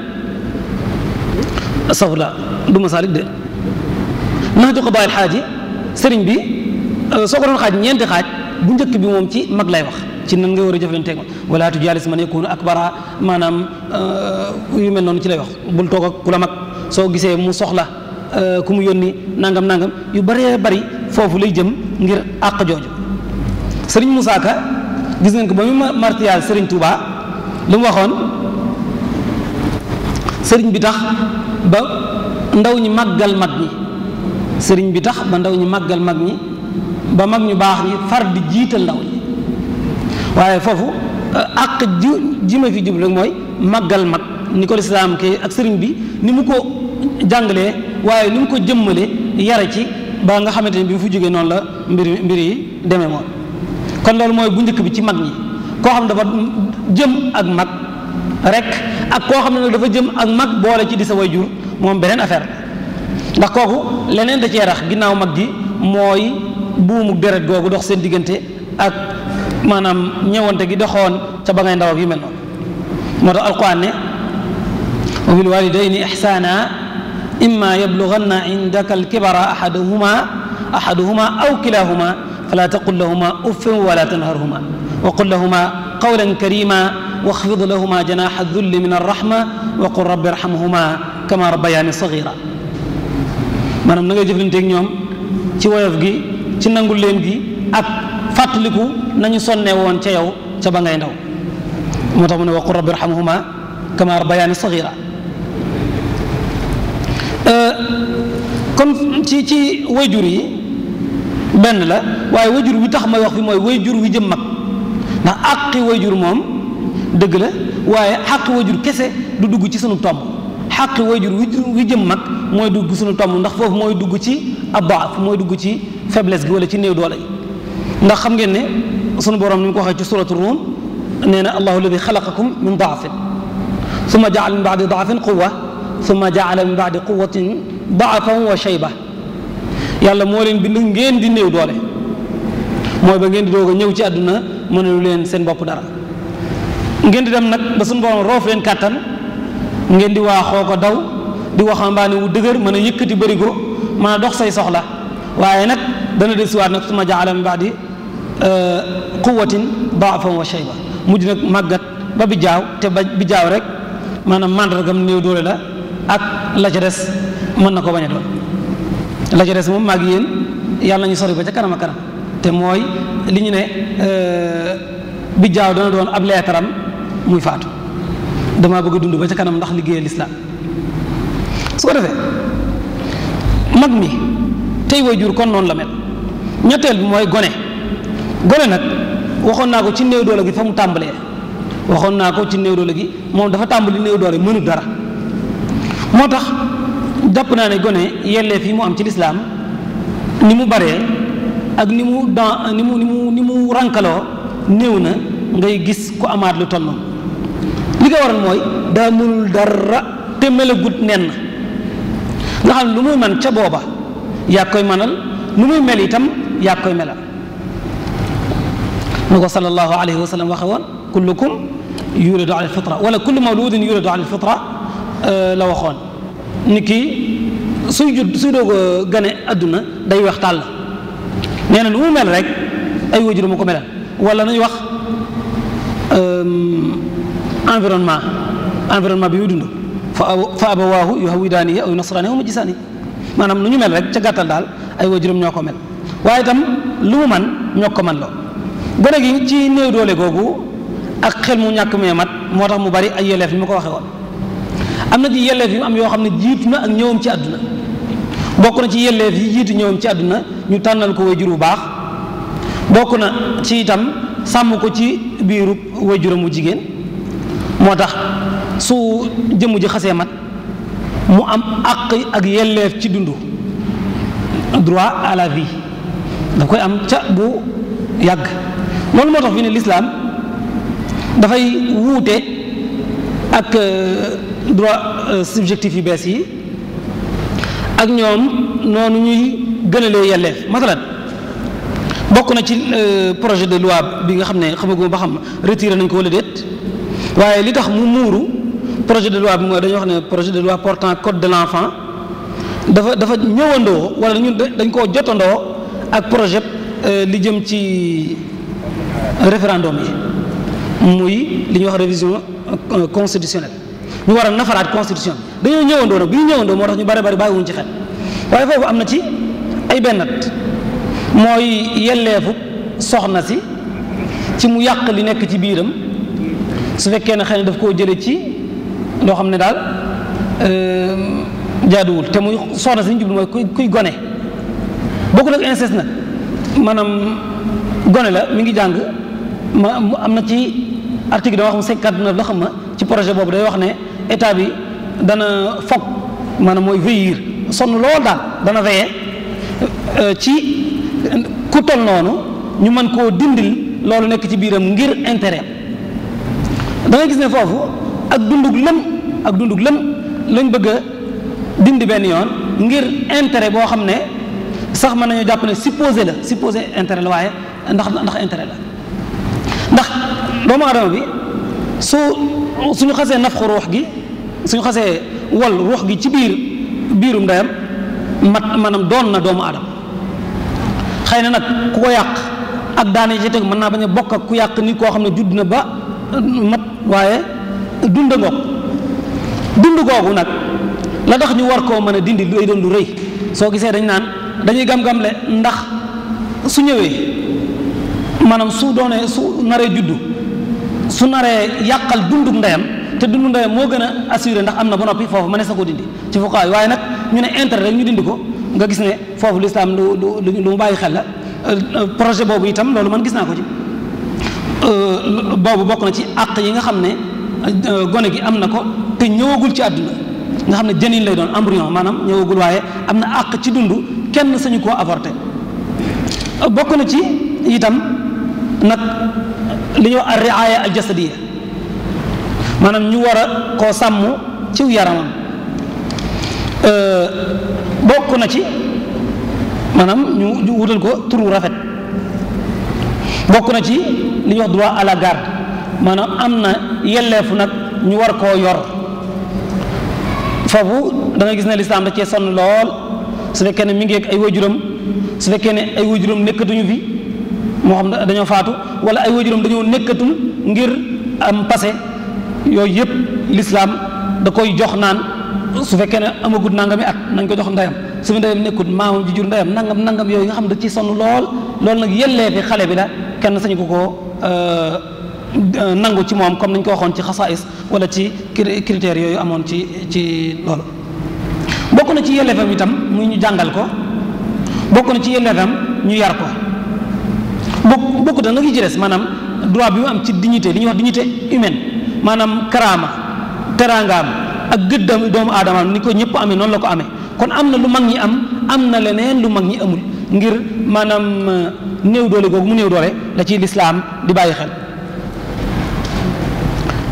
safla du masalik de nahju qabail xaaji sëriñ bi euh, soo ko doon xaaj ñeenti xaaj bu njëkk bi moom ci mag lay wax ci nan nga war a jëflanteeg ma wala tujaalis man yakunu akbara maanaam euh, yu mel noonu ci lay wax bul toog ak ku mag soo gisee mu soxla Euh, ku mu yónni nangam nangam yu baree bari foofu lay jëm ngir àq jooju sëriñ Moussa gis ngeen ko ba muy martial Serigne Touba lu mu waxoon sëriñ bi tax ba ndaw ñi màggal mag ñi sëriñ bi tax ba ndaw ñi màggal mag ñi ba mag ñu baax ñi far di jiital ndaw ñi waaye foofu euh, àq ji ji ma fi jublu rek mooy màggal mag ni ko lislaam ke ak sëriñ bi ni mu ko jàngalee. waaye lu mu ko jëmmale yare ci ba nga xamante ni bi mu fi jógee noonu la mbir mbir yi demee moom kon loolu mooy bu njëkk bi ci mag ñi koo xam ne dafa jëm ak mag rek ak koo xam ne dafa jëm ak mag boole ci di sa way jur moom beneen affaire ndax kooku leneen da cee rax ginnaaw mag gi mooy buumu deret googu dox seen diggante ak maanaam ñëwante gi doxoon ca ba ngay ndaw ak yu mel noonu moo tax alquran ne wa bil walidayni ihsana imma yablughanna indaka alkibara ahaduhuma ahaduhuma aw kilahuma fala taqul lahuma uffin wala tanharhuma wa qul lahuma qawlan karima واخفض لهما جناح الذل من الرحمة وقل رب ارحمهما كما ربياني صغيرا maanaam na ngay jëflanteeg ñoom ci woyof gi ci nangul leen gi ak fàttaliku nañu sonnee woon ca yow ca ba ngay ndaw moo tax mu ne waqul rabbi irhamhuma kama rabbayaani sagira kon ci ci wayjur yi benn la waaye jur wi tax may wax fi mooy jur wi jëm mag ndax àqi jur moom dëgg la waaye àqi wayjur kese du dugg ci sunu tomb àqi wayjur wi jëm mag mooy dugg sunu tomb ndax foofu mooy dugg ci abdaaf mooy dugg ci faiblesse gi wala ci néew doole gi ndax xam ngeen ne sunu borom ni mu ko waxee ci suratu Ruum nee na allahu alladi xalaqakum min daafin summa jaala min baadi daafin quwa summa daafan wa ba yàlla moo leen bind ngeen di néew doole mooy ba ngeen di doog a ñëw ci àdduna mënalu leen seen bopp dara ngeen di dem nag ba suñu borom roof leen kàttan ngeen di waaxoo ko daw di waxambaane wu dëgër mën a yëkkati bërigo mën a dox say soxla waaye nag dana desiwaat nag suma jaala min baadi euh, quwatin daafan wa shayba mujj nag màggat ba bi jaaw te ba bi jaaw rek maanaam màndargam néew doole la ak la ca des mën na ko bañ a doon la ca des moom mag yéen yàlla nañu sori ba ca kanam a kanam te mooy li ñu ne euh, bijjaaw dana doon ab leetaram muy faatu dama bëgg dund ba ca kanam ndax liggéeyal lislaam su ko defee mag mi tey way jur kon noonu la mel ñetteel bi mooy gone gone nag waxoon naa ko ci néew doole gi fa mu tàmbalee waxoon naa ko ci néew doole gi moom dafa tàmbali néew doole mënu dara moo tax jàpp naa ne gone yelleef yi mu am ci lislaam ni mu baree ak ni mu dan ni mu ni mu rankaloo néew na ngay gis ku amaat lu toll li ko waral mooy daa mënul dara te melagut nen nga xam lu muy man ca booba yaa koy manal lu muy mel itam yaa koy melal nu ko sallallahu alayhi wa sallam waxe woon kullukum yuladu ala alfitra wala kullu mawludin yuladu ala alfitra euh, la waxoon nit ki suy judd suy doog gane àdduna day weex tàll nee na lu mu mel rek ay wajur ma ko melal wala nañu wax euh, environnement environnement bi muy dund fa abawaahu yuhawidaanihi aw yunasraanihi aw majjisaanihi maanaam lu ñu mel rek ca gàttal daal ay wajuram ñoo ko mel waaye tam lu mu man ñoo ko man loo gone gi ci néew doole googu ak xel mu ñàkk mee mat moo tax mu bari ay yeleef ni mu ko waxee woon am na ci yelleef yu am yoo xam ne jiitu na ak ñëwam ci àdduna bokk na ci yelleef yi jiitu ñëwam ci àdduna ñu tànnal ko jur bu baax bokk na ci itam sàmm ko ci biiru wajuram wu jigéen moo tax su jëmm ji xasee mat mu am àq ak yelleef ci dund droit à la vie da koy am ca bu yàgg loolu moo tax fi ne lislaam dafay wuute ak euh, droit euh, subjectif yi bees yi ak ñoom noonu ñuy gënalee yelleef masalan bokk na ci euh, projet de loi bi nga xam ne xamaguma ba xam retiré nañ ko wala déet waaye li tax mu muuru projet de loi bi mooy dañuy wax ne projet de loi portant code de l'enfant dafa dafa ñëwandoo wala ñun dañ koo jotandoo ak projet euh, li jëm ci référendum yi muy li ñuy wax révision constitutionnelle ñu war a nafaraat constitution bi dañoo ñëwandoo nag bi ñu ñëwandoo moo tax ñu bare bari bàyyiwuñ ci xel waaye foofu am na ci ay bennat mooy yelleefu soxna si ci mu yàq li nekk ci biiram su fekkee ne xëy na daf koo jële ci loo xam ne daal euh, jaaduwul te muy soxna si ñu jublu mooy kuy kuy gone bokkul ak inceste nag maanaam gone la mi ngi jàng ma am na ci article dama xam cinquante-neuf la xam ma ci projet boobu day wax ne état bi dana foog maanaam mooy veillir sonn lool daal dana veye euh, ci ku tol noonu ñu mën koo dindil loolu nekk ci biiram ngir intérêt da gis ne foofu ak dundug lëm ak dundug lëm lañ bëgg a dindi benn yoon ngir intérêt boo xam ne sax ma nañu jàpp ne supposé la supposé intérêt la waaye ndax ndax intérêt la ndax doomu adama bi su suñu xasee naf ruux gi suñ xasee wal ruux gi ci biir biirum ndeyam mat maanaam doon na doomu aadama xëy na nag ku ko yàq ak daane ci teg mën naa ba a bokk ak ku yàq ni koo xam ne judd na ba mat waaye dund ngoog dund googu nag la tax ñu war koo mën a dindi luy doon lu rëy soo gisee dañ naan dañuy gam-gamle ndax su ñëwee maanaam su doonee su naree juddu su naree yàqal dunduk ndeyam te dund ndeyam moo gën a assuré ndax am na ba noppi foofu mënees sa ko dindi ci fuqaa yi waaye nag ñu ne intérêt rek ñu dindi ko nga gis ne foofu lislaam lu lu lu mu bàyyi xel la euh, projet boobu itam loolu man gis naa ko ci euh, boobu bokk na ci àq yi nga xam ne euh, gone gi am na ko te ñëwagul ci àdduna nga xam ne jënin lay doon embrion maanaam ñëwagul waaye am na àq ci dund kenn sañu koo avorté bokk na ci itam nag li ñuy wax al maanaam ñu war a koo sàmm ciw yaramam euh, bokk na ci maanaam ñu wutal ko turu rafet bokk na ci li ñuy wax droit à la garde maanaam am na yelleefu nag ñu war koo yor foofu da gis ne lislaam da cee sonn lool su fekkee ne mu ngi ay juróom su fekkee ne ay juróom nekkatuñu fi moo xam dañoo faatu wala ay waajuram dañoo nekkatul ngir am passé yooyu yëpp lislaam da koy jox naan su fekkee ne amagut nangami at nañ ko jox ndeyam su fi ndeyam nekkut maamam ji jur ndeyam nangam nangam yooyu nga xam da ci sonn lool loolu nag yelleefi xale bi la kenn sañu ko koo euh, nangu ci moom comme nañ ko waxoon ci xasaais wala ci critères yooyu amoon ci ci loolu bokk na ci yelleefam itam muy ñu jàngal ko bokk ci yelleefam ñu yar ko bokk bokk nag yi ci maanaam droit bi mu am ci dignité li ñuy wax dignité humaine maanaam karaama teraangaam ak gëddam doomu aadamaam ni ko ñëpp amee noonu la ko amee kon am na lu mag ñi am am na leneen lu mag ñi amul ngir maanaam uh, néew doole googu mu néew doole la ci lislaam di bàyyi xel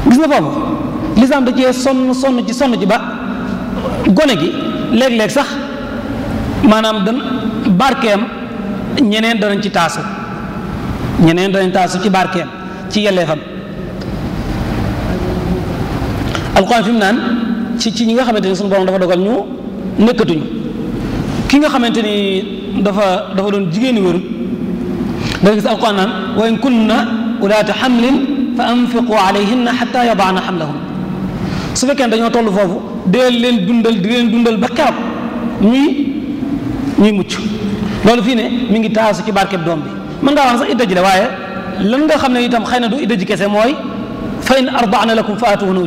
gis nga foofu lislaam da cee sonn sonn ci sonn ci ba gone gi léeg-léeg sax maanaam dan barkeem ñeneen danañ ci taasu ñeneen danañ taasu ci barkeem ci yelleefam alquran fi mu naan ci ci ñi nga xamante ni suñu borom dafa dogal ñu nekkatuñu ki nga xamante ni dafa dafa doon jigéeni wérut da gis alquran naan wa in kunna ulaata xamlin fa anfiqu alayhinna xata yadaana xamlahum su fekkee dañoo toll foofu dee leen dundal di leen dundal ba keroog ñuy ñuy mucc loolu fii ne mi ngi taasu ci barkeb doom bi mën ngaa wax sax idda ji la waaye lan nga xam ne itam xëy na du idda kese mooy fa in ardaana lakum fa atuhuna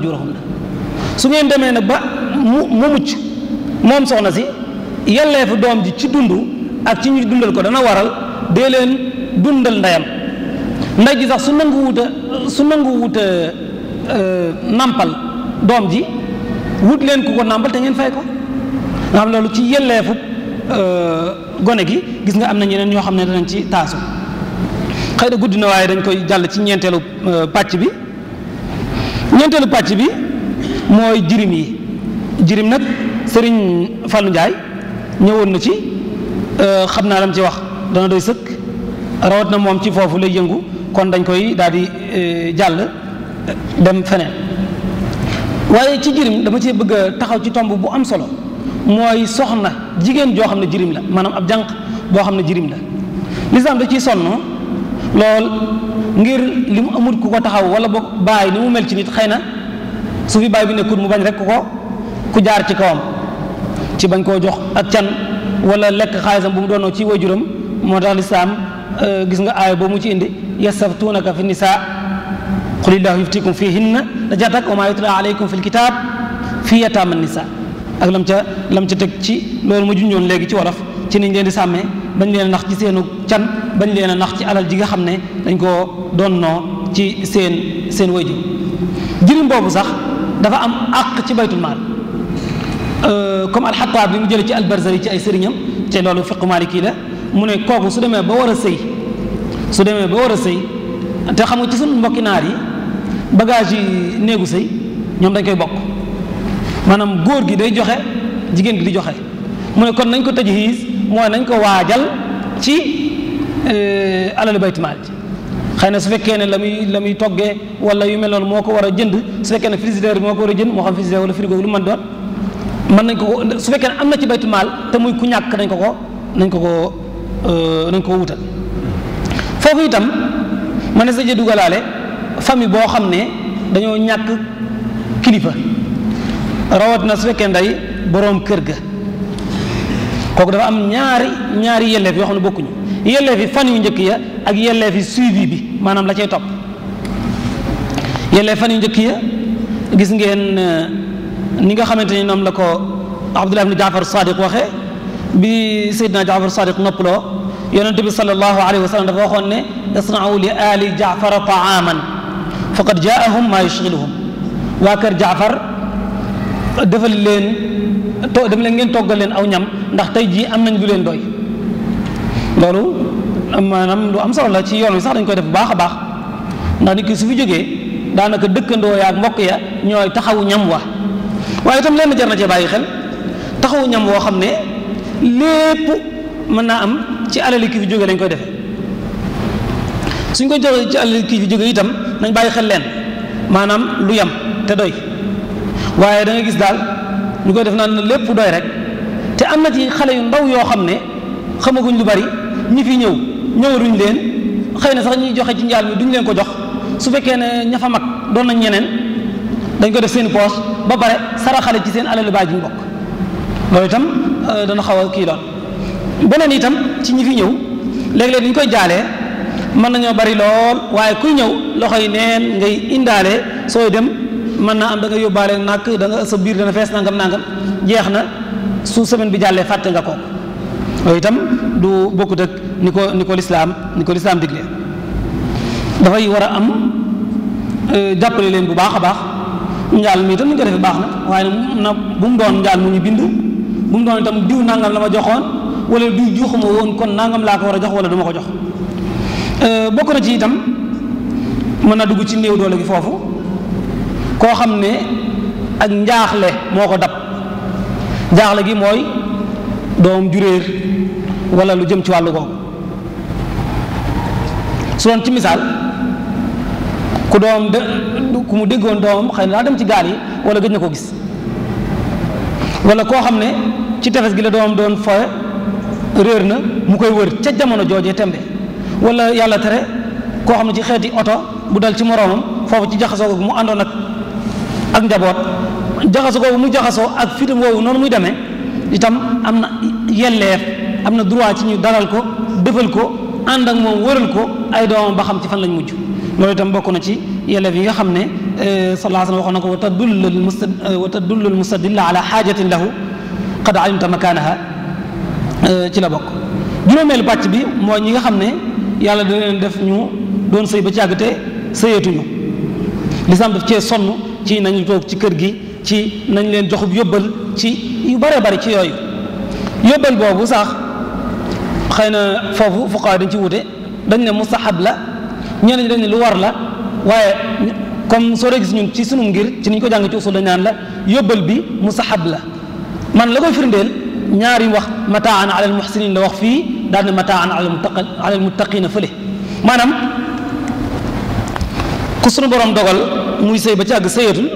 su ngeen demee nag ba mu mu mucc moom soxna si yelleefu doom ji ci dund ak ci ñu dundal ko dana waral dee leen dundal ndeyam ndey ji sax su nangu wuta su nangu wuta e, nampal doom ji wut leen ku ko nampal te ngeen fay ko nga xam loolu ci yelleefu e, gone gi gis nga am na ñeneen ñoo xam ne danañ ci taasu xëy na guddi na waaye dañ koy jàll ci ñeenteelu e, pàcc bi ñeenteelu pàcc bi mooy jirim yi jirim nag Serigne Fallou Ndiaye ñëwoon na ci euh, xam naa lam ci wax dana doy sëkk rawat na moom ci foofu lay yëngu kon dañ koy daal di euh, jàll euh, dem feneen waaye ci jirim dama cee bëgg a taxaw ci tomb bu am solo mooy soxna jigéen joo xam ne jirim la maanaam ab jànq boo xam ne jirim la lislaam da ciy sonn lool ngir li mu amul ku ko taxaw wala boog bàyyi ni mu mel ci nit xëy na su fi baay bi nekkut mu bañ rek ko ku jaar ci kawam ci bañ koo jox ak can wala lekk xaalisam bu mu doonoo ci waajuram moo tax lislaam euh, gis nga aaya boobu mu ci indi yastaftuunaka fi nisaa qul illaahu yuftikum fihinna da ca tag wa maa yutla alaykum fi lkitaab fi yataama nisaa ak lam ca lam ca teg ci loolu ma junjoon léegi ci wolof ci niñ leen di sàmmee bañ leen a nax ci seenu can bañ leen a nax ci alal ji xam ne dañ koo doon noo ci seen seen waajur jëriñ boobu sax dafa am àq ci baytul maal euh, comme alxataab bi mu jëlee ci albarzari ci ay sëriñam te loolu fiqu maliki la mu ne kooku su demee ba war a sëy su demee ba war a sëy te xam nga ci suñu mbokki naar yi bagage yi néegu sëy ñoom dañ koy bokk maanaam góor gi day joxe jigéen gi di joxe mu ne kon nañ ko tëj xiis mooy nañ ko waajal ci euh, alali baytumaal xëy na su fekkee ne la muy la muy toggee wala yu mel noonu moo ko war a jënd su fekkee ne frigidaire bi moo ko war a jënd moo xam frigidaire wala frigo lu mën doon mën nañ ko ko su fekkee ne am na ci baytu te muy ku ñàkk nañ ko ko nañ ko ko euh, nañ ko wutal foofu itam ma ne sa jee dugalaale famille boo xam ne dañoo ñàkk kilifa rawat na su fekkee ndey boroom kër ga kooku dafa am ñaari ñaari yelleef yoo xam ne bokkuñu yelleefi fan yu njëkk ya ak yelleefi suivi bi maanaam la cee topp yelleef fan yu njëkk ya gis ngeen euh, ni nga xamante ni noom la ko abdullah jafar jaafar sadiq waxe bi seydina jaafar sadiq noppaloo yonent bi sallallahu alayhi wa sallam ali jaafara taaman faqad jaahum maa yushghiluhum waa kër jaafar defal leen to dem leen ngeen toggal leen aw ñam ndax tey jii am nañ lu leen doy loolu maanaam lu am solo la ci yoon wi sax dañ koy def bu baax a baax ndax nit ki su fi jógee daanaka dëkkandoo yaag mbokk ya ñooy taxawu ñam wa waaye itam lenn jar na cee bàyyi xel taxawu ñam woo xam ne lépp mën naa am ci alali ki fi jógee lañ koy defe suñ ko joxee ci alali ki fi jógee itam nañ bàyyi xel leen maanaam lu yam te doy waaye da gis daal ñu koy def naan lépp doy rek te am na ci xale yu ndaw yoo xam ne xamaguñ lu bari ñi fi ñëw ñëwaluñ leen xëy na sax ñuy joxe ci njaal mi duñu leen ko jox su fekkee ne ña fa mag doon nañ ñeneen dañ ko def seen poche ba pare saraxale ci seen alalu baay ji ñu bokk loolu itam euh, dana xaw a kii lool. beneen itam ci ñi fi ñëw léeg-léeg dañ koy jaalee mën nañoo bari lool waaye kuy ñëw loxo yi neen ngay indaale sooy dem mën naa am da nga yóbbaale nàkk da nga sa biir dana fees nangam nangam jeex na su semaine bi jàllee fàtte nga ko. loolu itam du bokkut ak ni ko ni ko lislaam ni ko lislaam digle dafay war a am e, jàppale leen bu baax a baax njaal mi itam ni ko defee baax na waaye na bu mu doon njaal mu ñu bind bu mu doon itam diw nangam la ma joxoon wala diw joxuma woon kon nangam laa ko war a jox wala du ko jox e, bokk na ci itam mën naa dugg ci néew doole gi foofu koo xam ne ak njaaxle moo ko dab njaaxle gi mooy doom juréer wala lu jëm ci wàllu googu su doon ci misaal ku doom de ku mu déggoon doomam xëy na dem ci gaal yi wala gëj na ko gis wala koo xam ne ci tefes gi la doom doon foye réer na mu koy wër ca jamono joojee tembe wala yàlla tere koo xam ne ci xeeti oto bu dal ci moroomam foofu ci jaxasoo googu mu àndoon ak ak njaboot jaxasoo googu mu jaxasoo ak fitam woowu noonu muy demee itam am na yelleef am na droit ci ñu dalal ko defal ko ànd ak moom wëral ko ay doomam ba xam ci fan lañ mujj loolu itam bokk na ci yelleef yi nga xam ne euh, sallallahu alayhi waxoon na ko wa tadullu euh, wa tadullu al mustadilla ala xaajatin lahu qad alimta makaanaha euh, ci la bokk juróomeelu bi mooy ñi nga xam ne yàlla da leen def ñu doon sëy ba ci àgg te sëyeetuñu lislaam daf cee sonn ci nañu toog ci kër gi ci nañ leen joxub yóbbal ci yu bëree bëri ci yooyu yóbbal boobu sax xëy na foofu fuqaa dañ ci wute dañ ne la ñeneen ñi dañ ne lu war la waaye comme soo gis ñun ci sunu ngir ci ni ko jàng ci usul dañaan la yóbbal bi mustahab la man la koy firndeel ñaari wax mataan ala al muhsinin la wax fii daal ne mataan ala al muttaqina fële maanaam ku sunu borom dogal muy sëy ba ci àgg sëyatul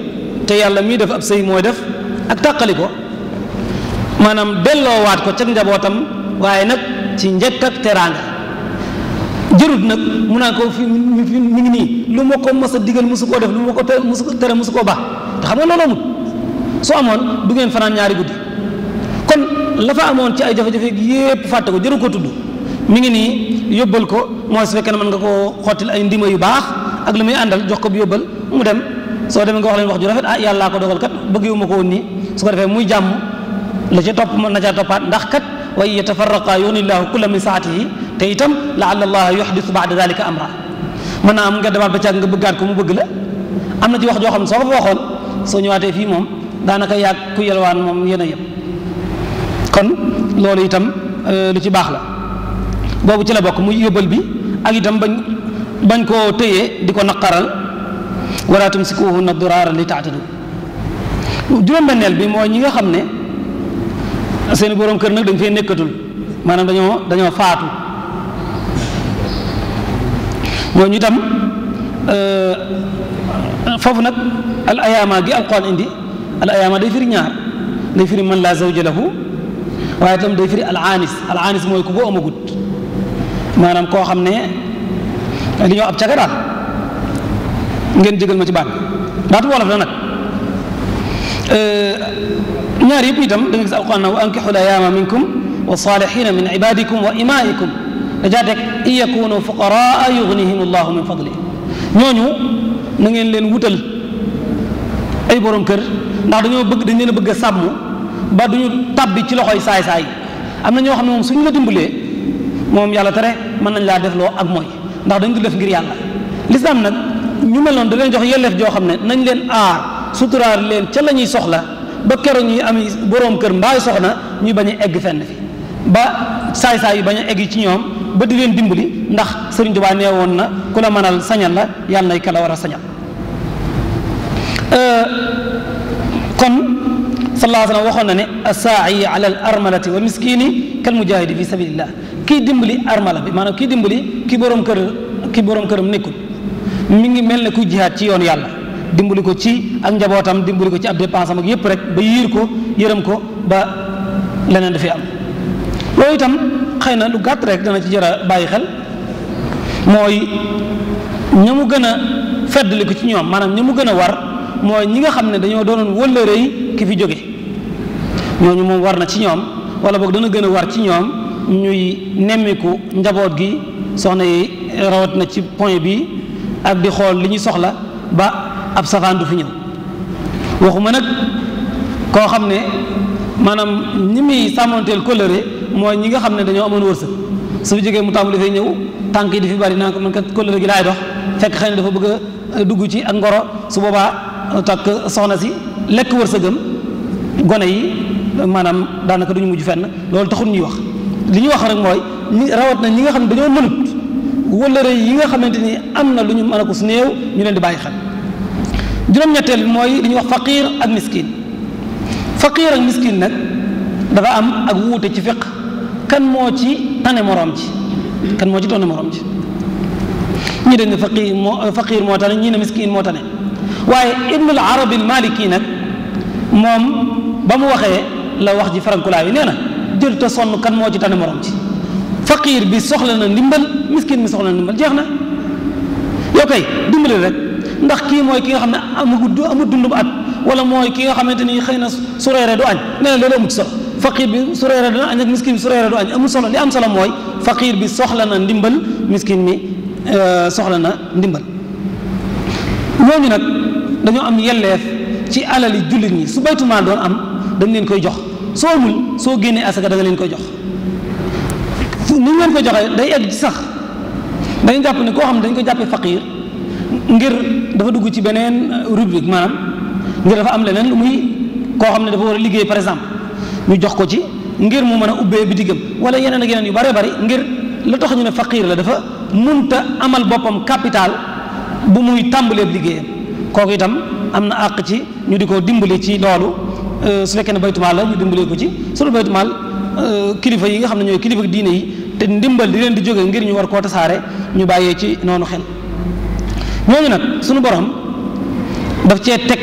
te yàlla miy def ab sëy mooy def ak tàqali ko maanaam delloowaat ko ca njabootam waaye nag ci njëkk ak teraanga jërut nag mu naan ko fi mu ngi nii lu ma ko mos a digal mosu koo def lu ma ko tere mosu tere mosu baax xam nga loolu amul amoon du ngeen fanaan ñaari guddi kon la amoon ci ay jafe-jafe yépp fàtte ko jëru ko tudd mi ngi nii yóbbal ko mooy su ne mën nga koo xottil ay ndima yu baax ak lu muy àndal jox ko bu yóbbal mu dem soo demee nga wax wax ju rafet ah yàllaa ko dogal kat bëgg yu ma ko woon su ko defee muy jàmm la ca na caa toppaat ndax kat wa yatafaraqa yughnillaahu kulla min saatihi te itam laalla allaha yuhdisu baada dalika amra mën naa am nga ba càag nga bëggaat ko mu bëgg la am na ci wax joo xam ne soo ko waxoon soo ñëwaatee fi moom daanaka yàgg ku yelwaan moom yéen a yëpp kon loolu itam euh, lu ci baax la boobu ci la bokk muy yóbbal bi ak itam bañ bañ koo tëyee di ko naqaral wala tumsikuhunna duraara li taatadu juróom-benneel bi mooy ñi nga ne seeni i kër nag dañ fee nekkatul maana dañoo dañoo faatu ñooñu itam euh, foofu nag al ayaama gi alquran indi al ayaama day firi ñaar day firi man laa zawja lahu waaye tam day firi al aanis al aanis mooy ku boo amagut maanaam koo xam ne li ñoo ab caga ngeen jégal ma ci baat baatu wolof la nag Euh, ñaar yëpp itam da nga gis alquran na wa ankixu l ayaama minkum wa saalixina min ibadikum wa imaikum dajaa teg in yakunu fuqaraa yugnihim allahu min fadli ñooñu na ngeen leen wutal ay borom kër ndax dañoo bëgg dañ leen a bëgg a sàmm ba duñu tàbbi ci loxoy saay-saay am na ñoo xam ne moom suñu la dimbalee moom yàlla tere mën nañ laa def loo ak mooy ndax dañ du def ngir yàlla lislaam nag ñu mel noonu leen jox yelleef joo xam ne nañ leen aar suturaar leen ca la ñuy soxla ba keroog ñuy am boroom kër mbaay soxna ñu bañ a egg fenn fi ba saay-saay yu bañ a egg ci ñoom ba di leen dimbali ndax Sëriñ Tuubaa nee woon na ku la sañal la yàlla nay ka war a sañal euh, kon waxoon na ne asaayi ala al armalati wa miskini kal mujahidi fi sabilillah kii dimbali armala bi maanaam kii dimbali ki boroom kër ki boroom këram nekkul mi ngi mel ne ku jihaad ci yoon yàlla dimbali ko ci ak njabootam dimbali ko ci ab dépense am ak yëpp rek ba yiir ko yërëm ko ba leneen dafay am loolu itam xëy na lu gàtt rek dana ci jar a bàyyi xel mooy ña mu gën a feddali ko ci ñoom maanaam ña mu gën a war mooy ñi nga xam ne dañoo doonoon wëllëre yi ki fi jóge ñooñu moom war na ci ñoom wala boog dana gën a war ci ñoom ñuy nemmiku njaboot gi soxna yi rawat na ci point bi ak di xool li ñu soxla ba ab safaan du fi ñëw waxuma nag koo xam ne maanaam ñi muy sàmmoonteel coloré mooy ñi nga xam ne dañoo amoon wërsëg su jegee mu tàmbali dafay ñëw tànk yi di fi bari naa ko man kat coloré gi laay dox fekk xëy na dafa bëgg dugg ci ak ngoro su boobaa takk soxna si lekk wërsëgam gone yi maanaam daanaka duñu mujj fenn loolu ñuy wax li ñuy wax rek mooy ñi rawat na ñi nga xam ne dañoo mënut wëllëre yi nga xamante ni am na lu ñu mën a ko su néew ñu leen di bàyyi xel juróom-ñetteel bi mooy li ñuy wax faqir ak miskin faqir ak miskin nag dafa am ak wuute ci fiq kan moo ci tane moroom ci kan moo ci tane moroom ci ñi dañ ne faqir moo moo tane ñi ne miskin moo tane waaye ibnu al arabi al maliki nag moom ba mu waxee la wax ji farankulaa yi nee na jël te sonn kan moo ci tane moroom ci faqir bi soxla na ndimbal miskin bi soxla na ndimbal jeex na yoo kay dimbali rek ndax kii mooy ki nga xam ne amagu amul dund bu at wala mooy kii nga xamante ni xëy na su reeree du añ nee na loolu amut solo faqir bi su reeree dana añ ak miskin solo li am solo mooy faqir bi soxla na ndimbal miskin mi euh, soxla na ndimbal ñooñu nag dañoo am yelleef ci alali jullit ñi su baytumaal doon am dañ leen koy jox soo amul soo génnee asaka da nga leen koy jox ni ñu leen koy joxee day egg ci sax dañ jàpp ne koo xam ne dañ ko jàppee faqir ngir dafa dugg ci beneen rubrique maanaam ngir dafa am leneen lu muy koo xam ne dafa war a liggéey par exemple ñu jox ko ci ngir mu mën a ubbee bitigam wala yeneen ak yeneen yu bare bari ngir lu tax ñu ne faqiir la dafa munta amal boppam capital bu muy tàmbalee liggéeyam kooku itam am na àq ci ñu di ko dimbali ci loolu euh, su fekkee ne baytumaal la ñu dimbalee ko ci sunu baytumaal euh, kilifa yi nga xam ne ñooy kilifa diine yi te ndimbal di leen di jóge ngir ñu war koo tasaare ñu bàyyee ci noonu xel ñooñu nag suñu borom daf cee teg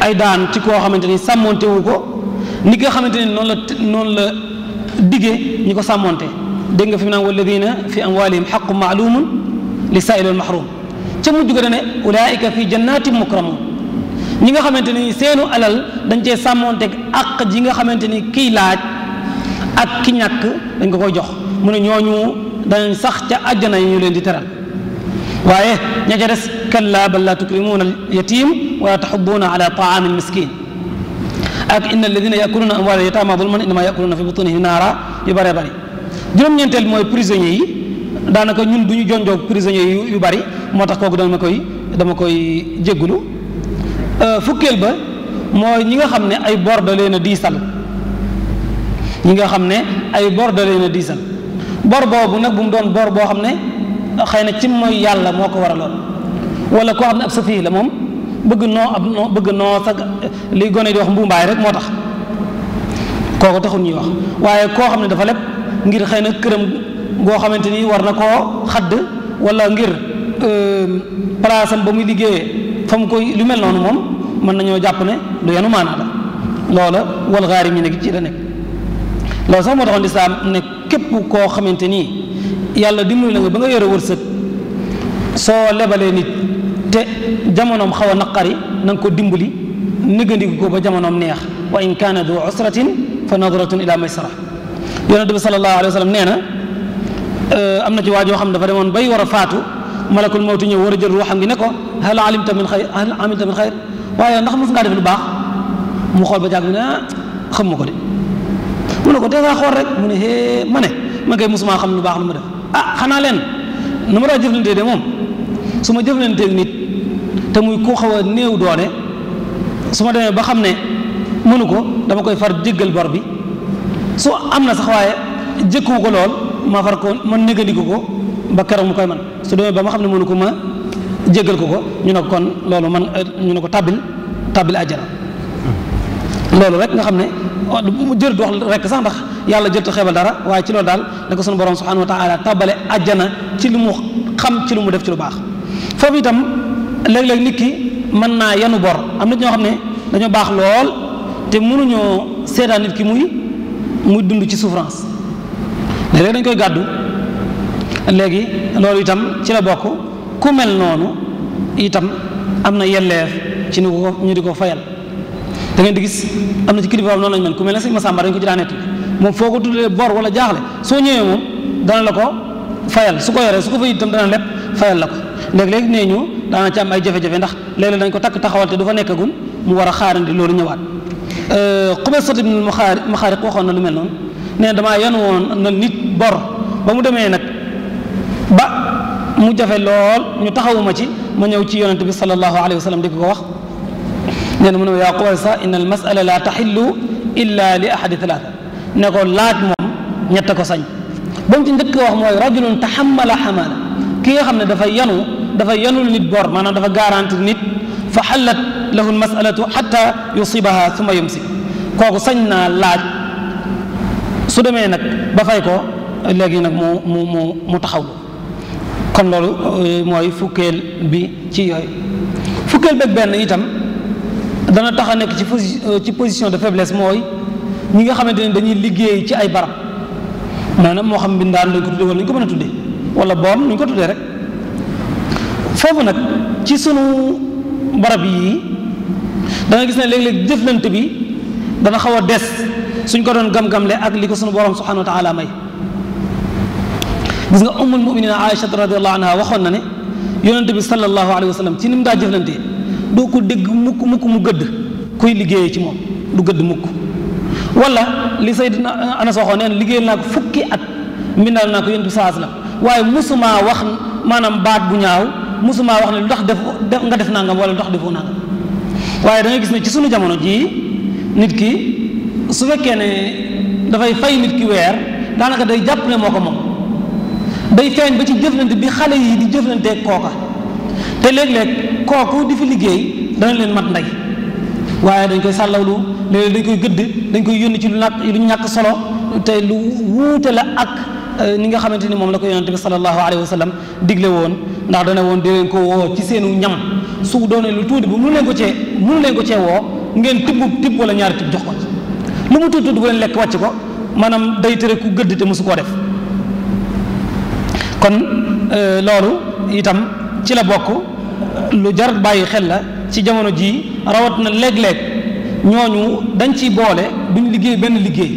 ay daan ci koo xamante ni sàmmonte ko ni nga xamante ni noonu la noonu la diggee ñi ko sàmmoonte dégg nga fi mu naan walladina fi amwalihim xaqu maalumun li saaili wal mahrum ca mujj ko dane ulaika fi jannatin mukramun ñi nga xamante ni seenu alal dañ cee sàmmonteeg àq ji nga xamante ni kiy laaj ak ki ñàkk dañ ko koy jox mu ne ñooñu danañ sax ca àjjana yi ñu leen di teral waaye ña ca des kallaa bal laa tukrimuuna al yatim wala taxubuuna ala taami miskin ak inna alladina yakuluuna amwaala yataama zulman innama yakuluuna fi butunihim naara yu bëree bëri juróom-ñeenteel mooy prisonniers yi daanaka ñun du ñu jonjoog prisonniers yu yu bëri moo tax kooku dama koy dama koy jéggulu euh, fukkeel ba mooy ñi nga xam ne ay bor da leen a diisal ñi nga xam ne ay bor da leen a diisal nag bu mu doon bor boo xam ne xay na ci mooy yàlla moo ko waraloon wala koo xam ne ab safi la moom bëgg noo ab noo bëgg noo sa li gone di wax mbuumbaay rek moo tax kooku taxul ñuy wax waaye koo xam ne dafa leb ngir xëy na këram goo xamante ni war na koo xadd wala ngir euh, place am ba muy liggéeyee fa mu koy lu mel noonu moom mën nañoo jàpp ne lu yenu maanaa la wal xaari mi nekk ci la nekk loolu sax moo taxoon lislaam ne képp koo xamante nii yàlla dimbali la nga ba nga yore wërsëg soo lebalee nit te jamonoom xaw a naqari na ko dimbali niggandiku ko ba jamonoom neex wa in kaana du usratin fa nadratun nee na euh, am na ci waajoo xam dafa demoon bay war a faatu malakul mawti ñëw war a jël ruuxam ngi ne ko hal alimta min xayr hal amilta waaye ndax mos ngaa def lu baax mu xool ba jàgg bi ne ah, xam ma ko de mu ko te nga xool rek mu hee ma man kay mosuma xam lu baax lu ma def ah xanaa leen nu ma daa jëflantee de moom su ma jëflanteeg nit te muy ku xaw a néew doole su ma demee ba xam ne mënu ko dama koy far jéggal bor bi soo am na sax waaye jëkkuwu ko lool ma far ko man négandiku ko ba keroog mu koy man su demee ba ma xam ne mënu ko ma jéggal ko ko ñu ne kon loolu man ñu ne ko tàbbil tàbbil àjjana hmm. loolu rek nga xam ne jër oh, du wax rek sax ndax yàlla jël ta xeebal dara waaye ci loolu daal da ko sunu borom subhanahu wa taala tàbbale àjjana ci lu mu xam ci lu mu def ci lu baax foofu itam léeg-léeg nit ki mën naa yanu bor am na ñoo xam ne dañoo baax lool te mënuñoo seetaan nit ki muy mu dund ci souffrance léeg dañ koy gàddu léegi loolu itam ci la bokk ku mel noonu itam am na yelleef ci ñu ko ñu di ko fayal da ngeen di gis am na ci kilifa noonu lañ mel ku mel ne sëñ Masamba dañ ko ci daa moom foo ko tuddee bor walla jaaxle soo ñëwee moom dana la ko fayal su ko yoree su ko fay itam dana lepp fayal la ko léeg-léeg nee ñu daana ci ay jafe-jafe ndax léeg-léeg dañ ko takk taxawal te du fa nekkagum mu war a xaarandi loolu ñëwaat euh, Xubaysat ibn Muxaariq waxoon na lu mel noonu damaa yan woon na nit bor ba mu demee nag ba mu jafe lool ñu taxawuma ci ma ñëw ci yonente bi sallallahu laa wa sallam ko wax nee na mu ne yaa Xubaysa inna in masala la taxillu illa li ahadi talaata nekkoon ko laaj moom ñett ko sañ ba mu ci njëkk wax mooy rajulun tahammala hamala ki nga xam ne dafa yanu dafa yanul nit bor maanaam dafa garanti nit fa xallat lahu lmasalatu xata yusibaha suma yumsik kooku sañ naa laaj su demee nag ba fay ko léegi nag mu mu mu mu taxaw kon loolu euh, mooy fukkeel bi ci yooyu fukkeel beeg benn itam dana tax a nekk ci euh, ci position de faiblesse mooy ñi nga xamante ne dañuy liggéey ci ay barab maanaam moo xam mbindaan lañ ko tudde wala ñu ko mën a tudde wala boom ñu ko tuddee rek foofu nag ci sunu barab yi danga gis ne léeg-léeg jëflante bi dana xaw a des suñ ko doon gam-gamle ak li ko sunu borom subhanahu wa taala may gis nga ummul muminina aïchatu radiallahu anha waxoon na ne yonente bi salallahu alayhi wa ci ni mu daa jëflante doo ko dégg mukk mukk mu gëdd kuy liggéeye ci moom du gëdd mukk wala li Seydina Anas waxoon nee na liggéeyal naa ko fukki at mbindal naa ko yonent bi saa la waaye musumaa wax maanaam baat bu ñaaw musumaa wax ne lu tax def nga def naa nga wala lu tax defoo nangam waaye da gis ne ci suñu jamono ji nit ki su fekkee ne dafay fay nit ki weer daanaka day jàpp ne moo ko moom day feeñ ba ci jëflante bi xale yi di jëflanteeg kooka te léeg-léeg kooku di fi liggéey dana leen mat ndey waaye dañ koy sàllawlu léeg dañ koy gëdd dañ koy yónni ci lu ñàkk ñàkk solo te lu wuute la ak euh, ni nga xamante ni moom la ko yonente bi sallallahu alayhi wa sallam digle woon ndax dana woon di leen ko ci seenu ñam su doonee lu tuuti bu mënu leen ko cee mënu leen ko cee woo ngeen tibb tibb wala ñaari tibb jox ko lu mu tudd tudd bu leen lekk wàcc ko maanaam day tere ku gëdd te mosu koo def kon euh, loolu itam ci la bokk lu jar bàyyi xel la ci jamono jii rawat na léeg-léeg ñooñu dañ ciy boole duñ liggéey benn liggéey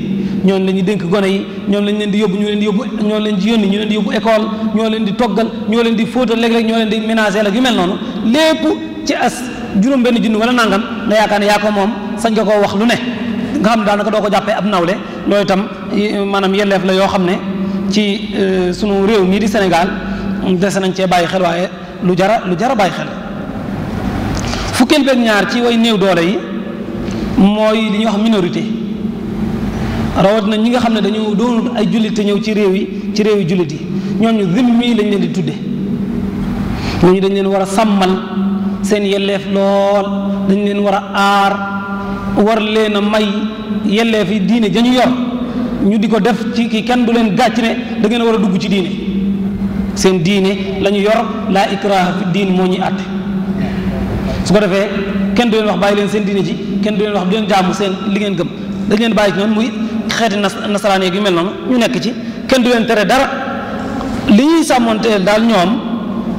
ñooñu la ñuy dénk gone yi ñoom lañ leen di yóbbu ñu leen di yóbbu ñoo leen di yónni ñu leen di yóbbu école ñoo leen di toggal ñoo leen di fóotal léeg-léeg ñoo leen di ménager ak yu noonu lépp ci as juróom benn junni wala nangam nga yaakaar ne yaa ko moom sañ nga koo wax lu ne nga xam ne daanaka doo ko jàppee ab nawle loolu tam maanaam yelleef la yoo xam ne ci euh, sunu réew mii di Sénégal dese nañ cee bàyyi xel waaye lu jara lu jara bàyyi xel kenn beeg ñaar ci way néew doole yi mooy li ñuy wax minorité rawat na ñi nga xam ne dañu doonul ay jullit te ñëw ci réew yi ci réew yi jullit yi ñooñu zimmi lañ leen di tudde ñooñu dañ leen war a sàmmal seen yelleef lool dañ leen war a aar war leen a may yelleef yi diine dañu ñu di ko def ci ki kenn du leen gàcc ne da ngeen war a dugg ci diine seen diine la yor laa ikraha fi diin moo ñuy àtte su ko defee kenn du leen wax bàyyi leen seen diine ji kenn du leen wax du leen jaamu seen li ngeen gëm dañ leen bàyyi ci noonu muy xeeti nasaraan yeeg yu mel noonu ñu nekk ci kenn du leen tere dara li ñuy sàmmoonteel daal ñoom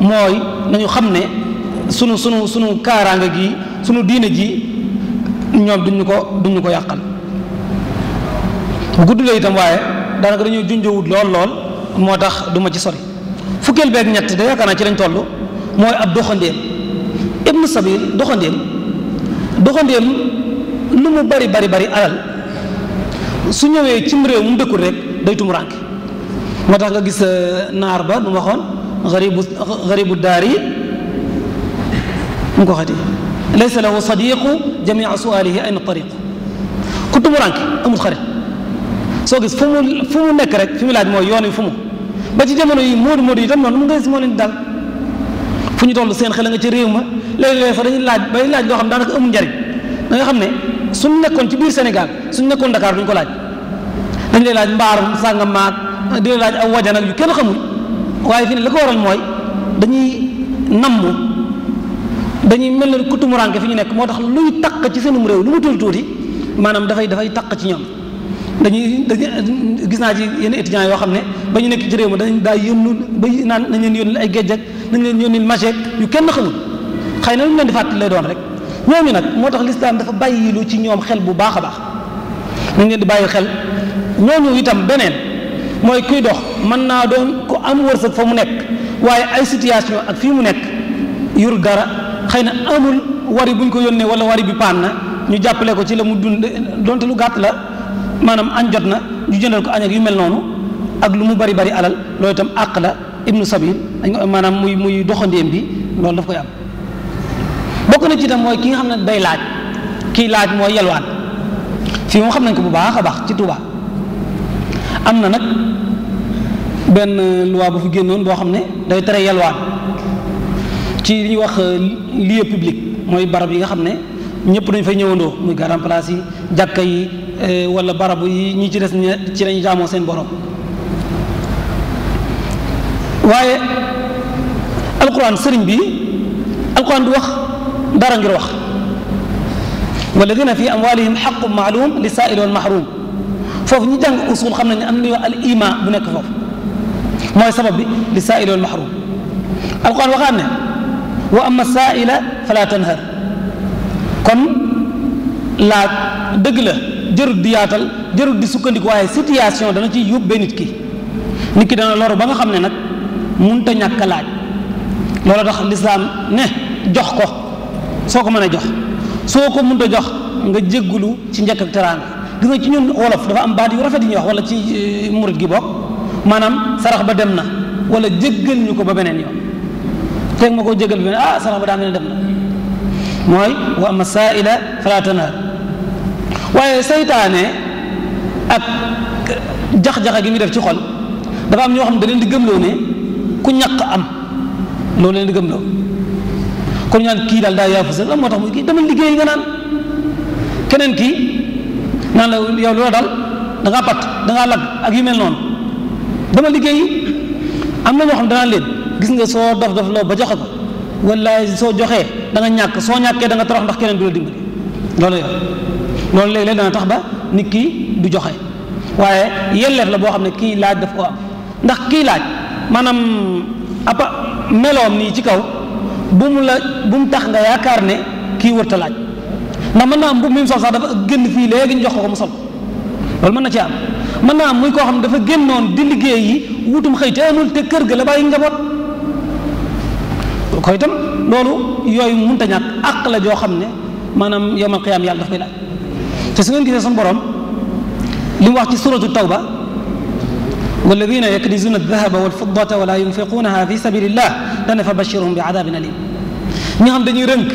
mooy nañu xam ne sunu sunu sunu kaaraanga gi sunu diine ji ñoom duñu ko duñu ko yàqal gudd la itam waaye daanaka dañuy junjowut lool lool moo tax duma ma ci sori fukkeel beeg ñett da yaakaar naa ci lañ toll mooy ab doxandéem ibnu sabil doxandéem doxandéem lu mu bari bari bari alal su ñëwee cim réew mu dëkkul rek day tumuraanke moo tax nga gis euh, naar ba lu mu waxoon xaribu xaribu daar yi mu ko xati laysa lahu sadiqu jamia sualihi ayna tariq ku tumuraanke amul xarit soo gis fu mu fu mu nekk rek fi mu laaj mooy yoon yi fu mu ba ci jamono yi moodu moodu yi tam noonu mu nga gis moo leen dal fu ñu toll seen xel nga ci réew ma léeg-léeg sax dañuy laaj bay laaj loo xam daanaka amul njariñ xam ne suñ nekkoon ci biir Sénégal suñ nekkoon Dakar duñ ko laaj dañ lay laaj mbaar sànga maag di lay laaj aw wajan ak yu kenn xamul waaye fii ne li ko waral mooy dañuy namm dañuy mel ne ku fi ñu nekk moo tax luy takk ci seenum réew lu mu tuuti tuuti maanaam dafay dafay takk ci ñoom dañuy dañuy gis naa ci yenn étudiants yoo xam ne ba ñu nekk ci réew mi dañ daa yónnu ba naan nañ leen yónnil ay géej ak leen yónnil maché kenn xamul xëy na lu ñu leen di fàttali lay doon rek ñooñu nag moo tax lislaam dafa bàyyi lu ci ñoom xel bu baaxa baax ñu ngi leen di bàyyi xel ñooñu itam beneen mooy kuy dox mën naa doon ku am wërsëg fa mu nekk waaye ay situation ak fii mu nekk yur dara xëy na amul wari buñ ko yónnee wala wari bi paan na ñu jàppale ko ci la mu dund donte lu gàtt la maanaam añ jot na ñu jëndal ko añ ak yu mel noonu ak lu mu bari bari alal loolu itam àq la ibnu sabil maanaam muy muy doxandéem bi loolu daf koy am bokk na ci itam mooy ki nga xam ne day laaj kii laaj mooy yalwaan fii moom xam nañ ko bu baax a baax ci Touba am na nag benn loi bu fi génnoon boo xam ne day tere yalwaan ci li ñuy wax euh, lieu public mooy barab yi nga xam ne ñëpp dañ fay ñëwandoo muy garan place yi jàkk yi euh, wala barab yi ñi ci des ci lañu jaamoo seen borom waaye alquran sëriñ bi alquran du wax dara ngir wax walladina fi amwalihim xaqun maalum li saail wal mahrum foofu ñu jàng xam nañ am na lu ñuy wax al ima nekk foofu mooy sabab bi li saail wal mahrum alquran waxaat ne wa amma saaila fala tanhar kon laaj dëgg la jërut di yaatal jërut di sukkandiku waaye situation dana ci yóbbee nit ki nit ki dana loru ba nga xam ne nag munta a laaj loolu tax lislaam ne jox ko soo ko mënee jox soo ko mënut jox nga jéggulu ci njëkk ak teraanga gis nga ci ñun wolof dafa am baat yu rafet yi ñu wax wala ci eh, murit gi bokk maanaam sarax ba dem na wala jéggal ñu ko ba beneen yoo teg nga koo jéggal ba beneen ah sarax ba daa mel ne dem na mooy wa ama saaila waaye saytaane ak jax-jaxa gi muy def ci xol dafa am ñoo xam ne da leen gëm gëmloo ne ku ñàq am loolu leen di loo kon ñaan kii daal daa yaafusal lan moo tax muy kii dama liggéey nga naan keneen kii naan la yow loola daal da ngaa patt da ngaa lag ak yu mel noonu dama liggéey am na ñoo xam danaa leen gis nga soo dof dof loo ba joxe ko wala soo joxee danga ñàkk soo ñàkkee da nga torox ndax keneen du la dimbali loolu loolu léeg leen dana tax ba nit kii du joxe waaye yelleef la boo xam ne kii laaj daf ko ndax kii laaj maanaam apa meloom nii ci kaw bu mu la bu mu tax nga yaakaar ne kii wërta ndax mën naa am mbubb mi mu sol sax dafa génn fii léegi ñu jox ko mu sol loolu mën na ci am mën naa am muy koo xam ne dafa génnoon di liggéey yi wutum xëy te amul te kër gi la bàyyi njaboot koy itam loolu yooyu mënta ñàkk àq la joo xam ne maanaam yowmal qiyaam yàlla daf koy laaj te su ngeen gisee suñu borom li mu wax ci suratu tawba والذين يكنزون الذهب والفضة ولا ينفقونها في سبيل الله dane fa bashirhum bi adabin alim ñi xam dañuy rënk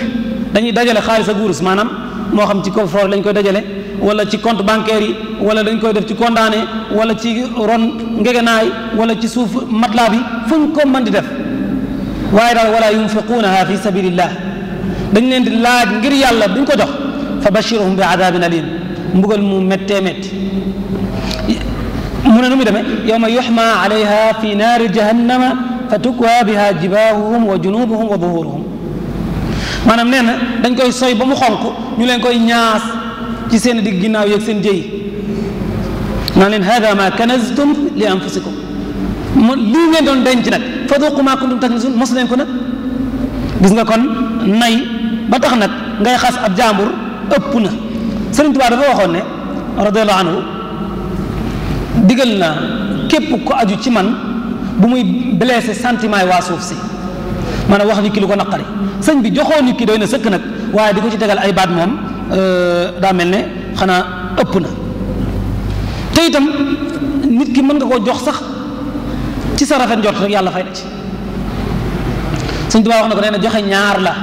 dañuy dajale xaalis ak wurus maanaam moo xam ci coffre-fort lañ koy dajale wala ci compte bancaire yi wala dañ koy def ci condamné wala ci ron ngegenaay wala ci suuf matelas bi fuñ ko mën di def waaye daal wala yunfiquunaha fi sabilillah dañ leen di laaj ngir yàlla duñ ko jox fa bashirhum bi adabin alim mbugal mu méttee métti mu ne nu mu demee yawma yuxma alayha fi naari jahannama fa tukwa biha jibaahuhum wa junubuhum wa duhuruhum maanaam nee na dañ koy soy ba mu xonq ñu leen koy ñaas ci seen digg ginnaaw yeeg seen jëy naan leen hada ma kanaztum li anfusikum mu lii ngeen doon denc nag fa duqu ma kuntum taknisun mos leen ko nag gis nga kon nay ba tax nag ngay xas ab jaambur ëpp na Sëriñ Tuubaa dafa waxoon ne radiyallahu anhu digal na képp ko aju ci man bu muy blessé sentiment waa suuf si maanaam wax nit ki lu ko naqari sëñ bi joxoo nit ki doy na sëkk nag waaye di ko ci tegal ay baat moom euh, daa mel ne xanaa ëpp na te itam nit ki mën nga koo jox sax ci sa rafet njort rek yàlla fay sëñ Tuubaa wax na ko nee na joxe ñaar la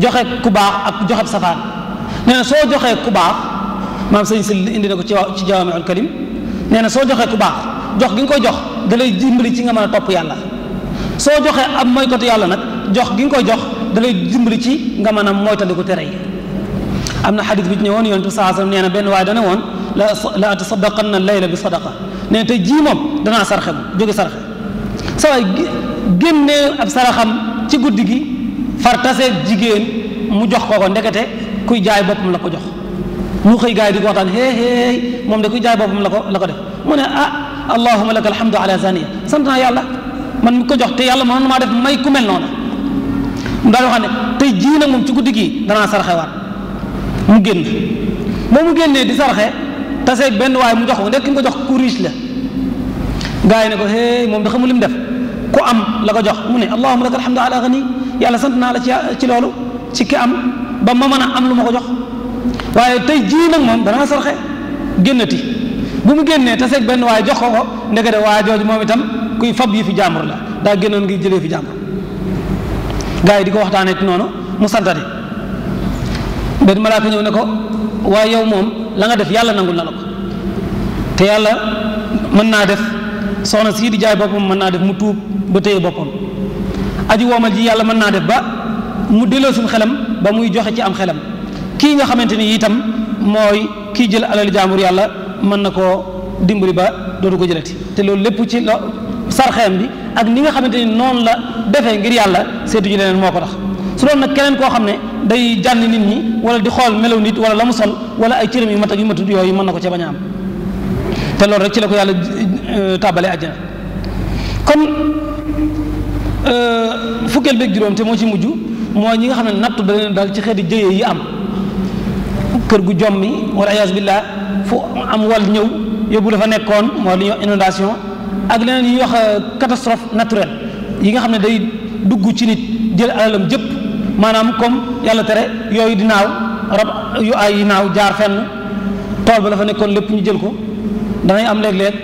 joxe ku baax ak joxe safaan nee na soo joxee ku baax maam sëñ si indi na ko ci ci jawaamiul kalim nee na soo joxee ku baax jox gi nga koy jox da lay dimbali ci nga mën a topp yàlla soo joxee ab moykatu yàlla nag jox gi nga koy jox da lay ci nga mën a moytandiku tere yi am na xadis bi ci ñëwoon yonent bi saa sallam na benn waaye dana woon la la atasaddaqanna layla bi sadaqa nee tey jii moom danaa sarxe bu jóge sarxe sa waay génnee ab saraxam ci guddi gi far tase jigéen mu jox ko ko ndekete kuy jaay boppam la ko jox mu xëy gars yi di ko waxtaan hey hey moom de ku jaay boppam la ko la ko def mu ne ah allahuma laka alhamdu ala zaniya sant naa yàlla man mi ko jox te yàlla mënoon maa def may ku mel noonu mu daal tey jii nag moom ci guddi gii danaa saraxewaat mu génn boo mu génnee di saraxe taseeg benn waaye mu jox ko ndekk ko jox ku riche la gars yi ne ko hey moom da xamul li mu def ku am la ko jox mu ne allahuma laka alhamdu ala gani yàlla sant naa la ci ci loolu ci ki am ba ma mën a am lu ma ko jox waaye tey jii nag moom danaa sarxe génnati bu mu génnee te seeg benn waaye jox ko ko ndekete waa jooju moom itam kuy fab yi fi jàmbur la daa génnoon ngir jëlee fi jàmbur gars yi di ko waxtaanee ci noonu mu santati benn malaaka ñëw ne ko waaye yow moom la nga def yàlla nangul la la ko te yàlla mën naa def soxna sii di jaay boppam mën naa def mu tuub ba téye boppam aji woomal ji yàlla mën naa def ba mu delloo suñu xelam ba muy joxe ci am xelam kii nga xamante ni itam mooy kii jël alal jaamur yàlla mën na koo dimbali ba dootu ko jëlati te loolu lépp ci lo sarxeem bi ak ni nga xamante ni noonu la defee ngir yàlla seetuñu leneen moo ko tax su doon nag keneen koo xam ne day jànni nit ñi wala di xool melow nit wala la mu sol wala ay cëram yu mat ak yu matut yooyu mën na ko ca bañ am te loolu rek ci la ko yàlla euh, tàbbale àjjana kon euh, fukkeel beeg juróom te moo ci mujj mooy ñi nga xam ne nattu leen daal ci xeeti jëyee yi am kër gu jommi wala ayas billah fu am wal ñëw yóbbu dafa nekkoon moo li ñuy wax inondation ak leneen ñuy wax euh, catastrophe naturelle yi nga xam ne day dugg ci nit jël alalam jëpp maanaam comme yàlla tere yooyu di naaw rab yu ay naaw jaar fenn tool ba la fa nekkoon lépp ñu jël ko danay am léeg-léeg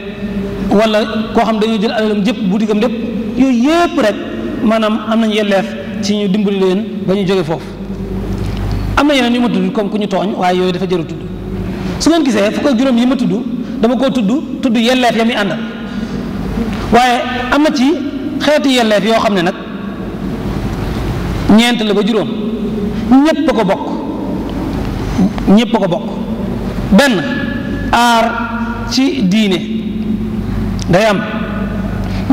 wala koo xam dañoo jël alalam jëpp bu diggam lépp yooyu yépp rek maanaam am nañu yelleef ci ñu dimbali leen ba ñu jóge foofu am na yeneen yu ma tudd comme ku ñu tooñ waaye yooyu dafa jëru tudd su ngeen gisee fukk ak juróom yi ma tudd dama koo tudd tudd yelleef ya muy àndal waaye am na ci xeeti yelleef yoo xam ne nag ñeent la ba juróom ñépp a ko bokk ñépp a ko bokk benn aar ci diine day am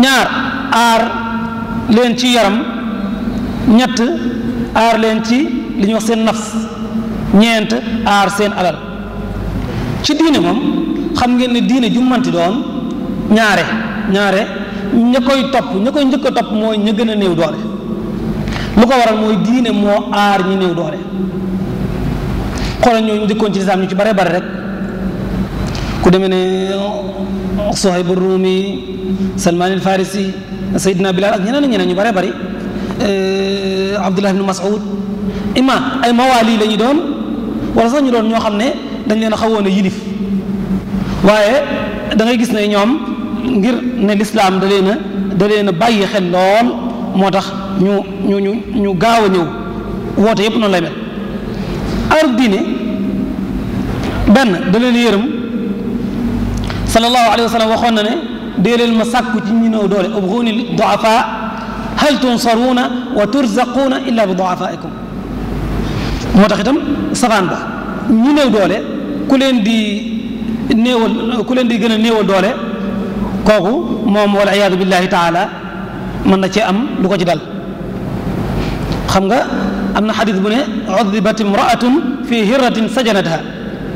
ñaar aar leen ci yaram ñett aar leen ci li ñuy wax seen nafs ñeent aar seen alal ci diine moom xam ngeen ne diine ju doon ñaare ñaare ña koy topp ña koy njëkk a topp mooy ña gën a néew doole lu ko waral mooy diine moo aar ñi néew doole xoolal ñooñu njëkkoon ci lislaam ñu ci bare bare rek ku deme ne Suhayb Ruumi Salmaan al Farisi Seydina Bilaal ak ñeneen ñeneen ñu bare bari Abdullah ibnu Mas'ud ima ay mawaali lañuy ñu doon wala sax ñu doon ñoo xam ne dañ leen a xawoon a yilif waaye dangay gis ne ñoom ngir ne lislaam da leen a da leen a bàyyi xel lool moo tax ñu ñu ñu gaaw a ñëw woote yépp noonu lay mel arab diine benn da leen yërëm sallallahu alayhi wa waxoon na ne dee leen ma sàkku ci ñu néew doole ubxuuni duafa hal tunsaruuna wa turzaquuna illa bi duafaikum moo tax itam safaan ba ñu doole ku leen di leen di gën a néewal doole kooku moom wala iyaadu billahi taala mën na cee am lu ko ci dal xam nga am na xadis bu ne udibat imraatun fi hiratin sajanatha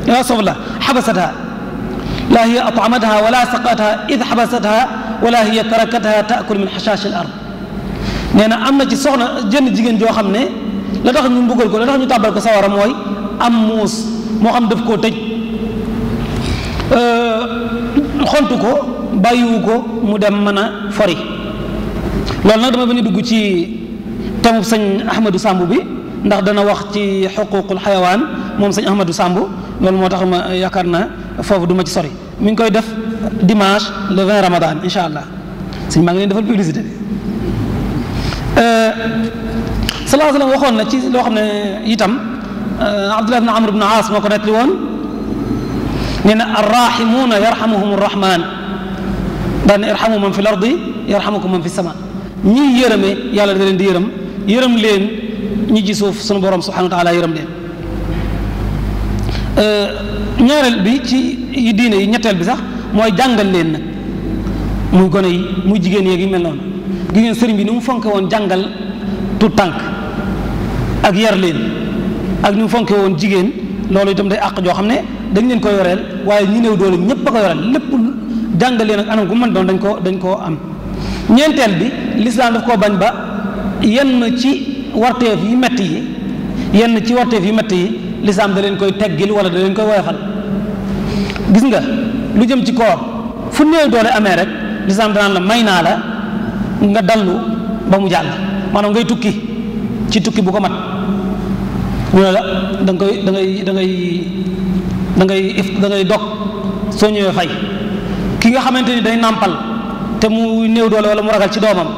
la xabasatha laa hiya ataamatha wala saqatha id xabasatha wala hiya tarakatha taakul min xashaashi al ard nee na am na ci soxna jënn jigéen joo xam ne la tax ñu mbugal ko la tax ñu tàbbal ko sawara mooy am muus moo xam daf koo tëj euh, xont ko bàyyiwu ko mu dem mën a fori loolu nag dama bëgg dugg ci tamub sëñ Ahmadou Samb bi ndax dana wax ci xuququl xayawaan moom sëñ Ahmadou Samb loolu moo tax ma yaakaar na foofu duma ci sori mu ngi koy def dimanche le 20 ramadan allah sëñ maa ngi leen defal publicité sallallahu alayhi waxoon na ci loo xam ne itam euh, Abdullah ibn Amr ibn Aas moo ko nettali woon nee na arrahimuuna yarhamuhum arrahman daan irhamu man fi l ardi yarhamukum man fi sama ñiy yërëmee yàlla da leen di yërëm yërëm leen ñi ci suuf sunu borom subhanahu wa taala yërëm leen euh, ñaareel bi ci diine yi ñetteel bi sax mooy jàngal leen nag muy gone yi muy jigéen yeeg yi mel noonu gis ngeen sëriñ bi ni mu fonke woon jàngal tout tànk ak yar leen ak ñu fonke woon jigéen loolu itam day àq joo xam ne dañ leen ko yoreel waaye ñu néew doole ñëpp a ko yoreel lépp jàngal leen ak anam gu man doon dañ koo dañ koo am ñeenteel bi lislaam daf koo bañ ba yenn ci warteef yu metti yi yenn ci warteef yu metti yi lislaam da leen koy teggil wala da leen koy woyofal gis nga lu jëm ci koor fu néew doole amee rek lislaam danaan la may naa la nga dallu ba mu jàll maanaam ngay tukki ci tukki bu ko mat ñu ne la da koy da ngay da ngay da ngay dog soo ñëwee fay ki nga xamante ni day nàmpal te mu néew doole wala mu ragal ci doomam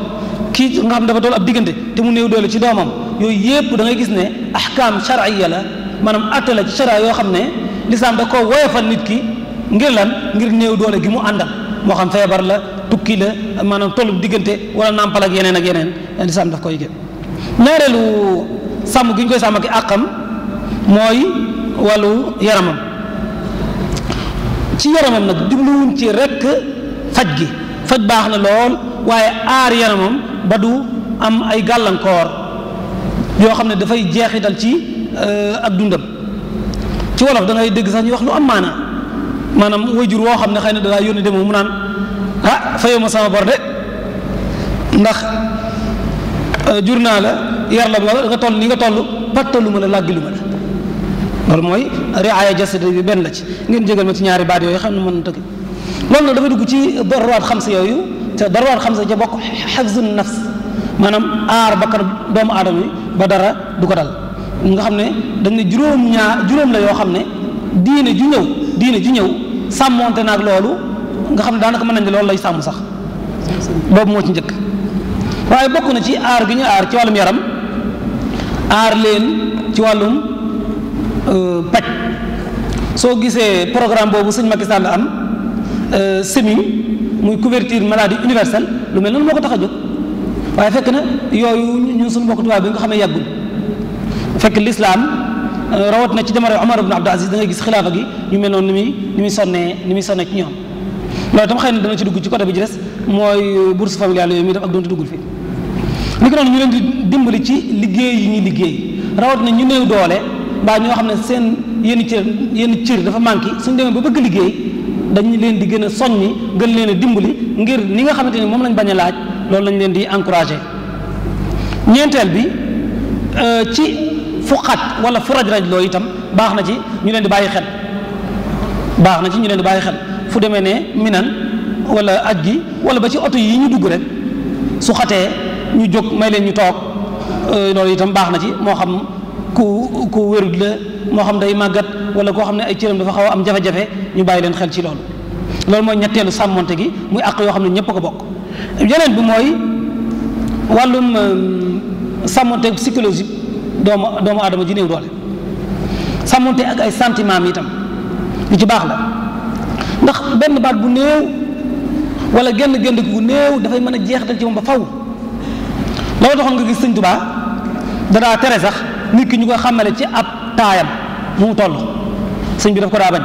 kii nga xam dafa toll ab diggante te mu new doole ci doomam yooyu yépp dangay gis ne ahkaam shar'iyya la maanaam atte la ci sharia yoo xam ne lislaam da koo woyofal nit ki ngir lan ngir néew doole gi mu àndal moo xam feebar la tukki la maanaam tollu diggante wala nàmpal ak yeneen ak yeneen lislaam daf koy gën ñaareelu sàmm gi ñu koy sàmm ak àqam mooy wallu yaramam ci yaramam nag jubluwuñ ci rekk faj gi faj baax na lool waaye aar yaramam ba du am ay gàllankoor yoo xam ne dafay jeexital ci euh, ak dundam ci wolof da dégg sax ñu wax lu am maanaa maanaam jur woo xam ne xëy na dalaa yónni demoo mu naan ah fayoo sama bor de ndax Euh, jur naa la yar la ba nga toll nii nga toll pattalu la la làggilu ma la loolu mooy riaya jasad bi benn la ci ngeen jégal ma ci ñaari baat yooyu xam ne mën na tëgg loolu nag dafa dugg ci darwaat xam sa yooyu te darwaat xam sa ca bokk xafzun nafs maanaam aar bakkan doomu aadama yi ba dara du ko dal nga xam ne dañ ne juróom ñaar juróom la yoo xam ne diine ju ñëw diine ju ñëw sàmmonte ak loolu nga xam ne daanaka mën nañ ne loolu lay sàmm sax boobu moo ci njëkk waaye bokk na ci aar gi ñu aar ci wàllum yaram aar leen ci wàllum euh, paj soo gisee programme boobu sëñ Macky Sall am euh, semi muy couverture maladie universelle lu mel noonu moo ko tax a jóg waaye fekk na yooyu ñu suñu mbokk tubaab bi nga xam ne yàggul fekk lislaam euh, rawat na ci jamono Omar ibn Abdul Aziz da ngay gis xilaafa gi ñu mel noonu ni muy ni muy sonnee ni muy sonnee ci ñoom loolu tam xëy na dana ci dugg ci côté bi ci mooy bourse familiale yooyu muy def ak doonte duggul ni ko noonu ñu leen di dimbali ci liggéey yi ñuy liggéey rawat na ñu néew doole mbaa ñoo xam ne seen yenn cër yenn cër dafa manqué suñ demee ba bëgg liggéey dañ leen di gën a soññi gën leen a dimbali ngir ni nga xamante ni moom lañ bañ a laaj loolu lañu leen di encouragé ñeenteel bi euh, ci fuqat wala fu raj-raj loo itam baax na ci ñu leen di bàyyi xel baax na ci ñu leen di bàyyi xel fu demee ne minan wala aj gi wala ba ci oto yi ñu dugg rek su xatee ñu jóg may leen ñu toog euh, loolu itam baax na ci moo xam ku ku wérut la moo xam day màggat wala koo xam ne ay cëram dafa xaw a am jafe-jafe ñu bàyyi leen xel ci loolu loolu mooy ñetteelu sàmmoonte gi muy àq yoo xam ne ñëpp ko bokk yeneen bi mooy wàllum euh, sàmmonte psychologique doomu doomu aadama ju néew doole sàmmonte ak ay santiment mi itam lu ci baax la ndax benn baat bu néew wala genn génd gu néew dafay mën a jeexital ci moom ba faw loolu taxoon nga gis sëñ tubaa dadaa tere sax nit ki ñu koy xamale ci ab taayam mu toll sëñ bi daf ko daa bañ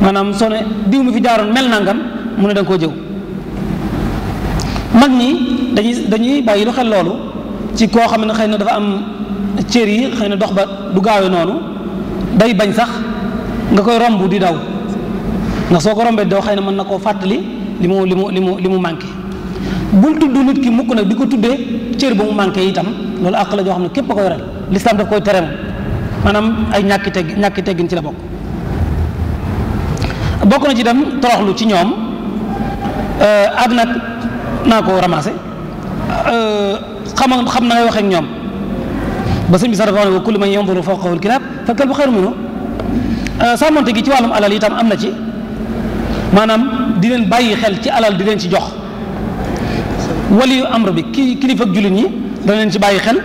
maanaam soo ne diw mi fi jaaroon mel nangam mu ne da koo jëw mag ñi dañuy dañuy bàyyi lu xel loolu ci koo xam ne xëy na dafa am cër yi xëy na dox ba du gaawe noonu day bañ sax nga koy romb di daw ndax soo ko rombee daw xëy ne mën na koo fàttali li mu li mu li mu li mu manqué bul tudd nit ki mukk nag di ko tuddee cër bu mu manqué itam loolu àq la joo xam ne képp a ko yoral lislaam daf koy tere maanaam ay ñàkki tegg ñàkki teggin ci la bokk bokk na ci dem toroxlu ci ñoom euh, ak nag naa ko ramassé euh, xam xam na ngay wax ak ñoom ba sëñ bi sax dafa wax ne wa kullu man yanzuru fawqahu al-kilaab fal-kalbu xayrun minhu euh, sàmmante gi ci wàllum alal itam am na ci maanaam di leen bàyyi xel ci alal di leen ci jox wali yu amr bi ki kilifa jullit ñi dana leen ci bàyyi xel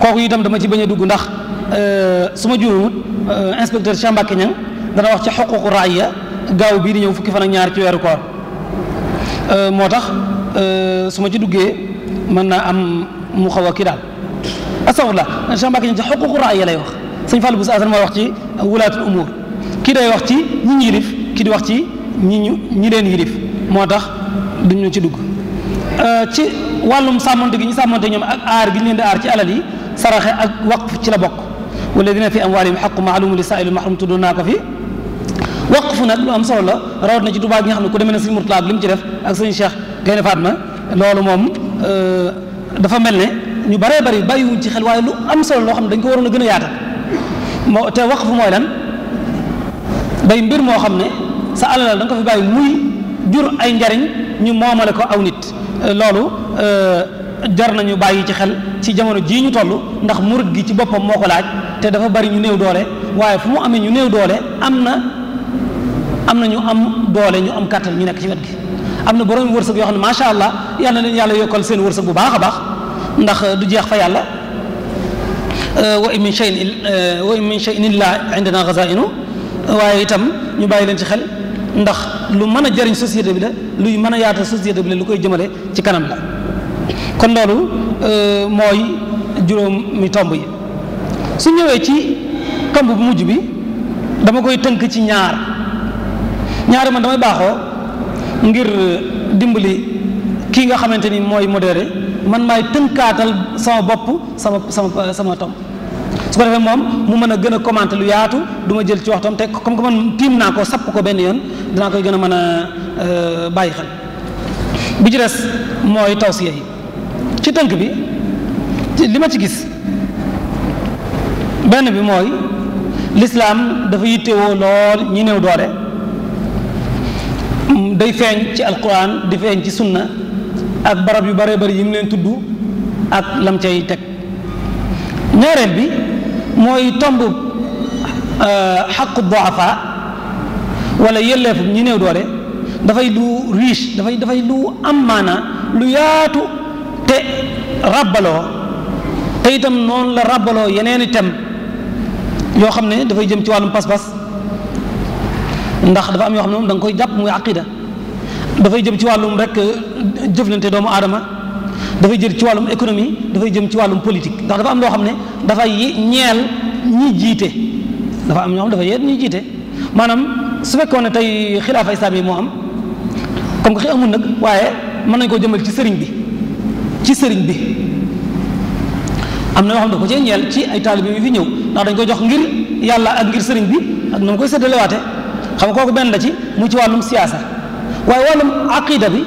kooku itam dama ci bañ a dugg ndax euh, su ma juumut euh, inspecteur Chambake Niang dana wax ci xuququ raaya gaaw bii di ñëw fukki fan ñaari ci weeru koor euh, moo tax su ma ci duggee mën naa am mu xaw a kii daal astafurlah Chambake Niang ci xuququ raaya lay wax sëñ Fallou bu Assane mooy wax ci wulaatul umur kii day wax ci ñi ñu yilif kii di wax ci ñi ñu ñi leen yilif moo tax la ci dugg. Euh, ci wàllum sàmmonte gi ñu sàmmonte ñoom ak aar gi ñu leen di aar ci alal yi saraxe ak waqf ci la bokk walladina fi amwalihim xaqu maalumu li saa'ili mahrum tudd naa ko fi waqf nag lu am solo la rawat na ci Tuubaa gi nga xam ne ku na sëñ Murtala mu ci def ak sëñ Cheikh Gaynde Fatma loolu moom euh, dafa mel ne ñu bëree bëri bàyyiwuñ ci waaye lu am solo loo xam ne dañ ko waroon gën a yaatal moo te waqf mooy lan moo xam ne sa alal da nga ko fi bàyyi muy jur ay njariñ ñu moomale ko aw nit loolu euh, jar nañu bàyyi ci xel ci jamono jii ñu toll ndax murit gi ci boppam moo ko laaj te dafa bari ñu néew doole waaye fu mu amee ñu néew doole am na am na ñu am doole ñu am kàttan ñu nekk ci wet gi am na borom wërsëg yoo xam ne macha allah yàlla na leen yàlla yokkal seen wërsëg bu baax a baax ndax du jeex fa yàlla euh, wa in min shay'in euh, wa in min shay'in illa waaye itam ñu bàyyi lañ ci xel ndax lu mën a jariñ société bi la luy mën a yaatal société bi la lu koy jëmale ci kanam la kon loolu euh, mooy juróom mi tomb yi su ñëwee ci tomb bu mujj bi dama koy tënk ci ñaar ñaari man damay baaxoo ngir dimbali kii nga xamante ni mooy modere man maay tënkaatal sama bopp sama sama sama tomb su ko defee moom mu mën a gën a commenter lu yaatu duma jël ci waxtam te comme que man tiim naa ko sapp ko benn yoon dinaa koy gën a mën a euh, bàyyi xel bi ci des mooy tawsiya yi ci tënk bi li ma ci gis benn bi mooy lislaam dafa yittewoo lool ñi néew doole mm, day feeñ ci alquran di feeñ ci sunna ak barab yu bare bari yi mu leen tudd ak lam cay teg ñaareel bi mooy tomb euh, xaqu doafa wala yelleefu ñu néew doole dafay lu riche dafay dafay lu am maanaa lu yaatu te ràbbaloo te itam noonu la ràbbaloo yeneen itam yoo xam ne dafay jëm ci wàllum pas-pas ndax dafa am yoo xam ne moom da nga koy jàpp mu aqida dafay jëm ci wàllum rek jëflante doomu aadama dafay jël ci wàllum économie dafay jëm ci wàllum politique ndax dafa am loo xam ne dafay ñeel ñi jiite dafa am ñoo xam dafa yéen ñi jiite maanaam su fekkoon ne tey xilaafa islaam yi moo am comme nag waaye mën nañ koo jëmal ci sëriñ bi ci sëriñ bi am na yoo xam ko cee ñeel ci ay taalibe yu fi ñëw ndax dañ ko jox ngir yàlla ak ngir sëriñ bi ak noonu koy séddalewaate xam nga kooku benn la ci mu ci wàllum siyaasa waaye wàllum aqida bi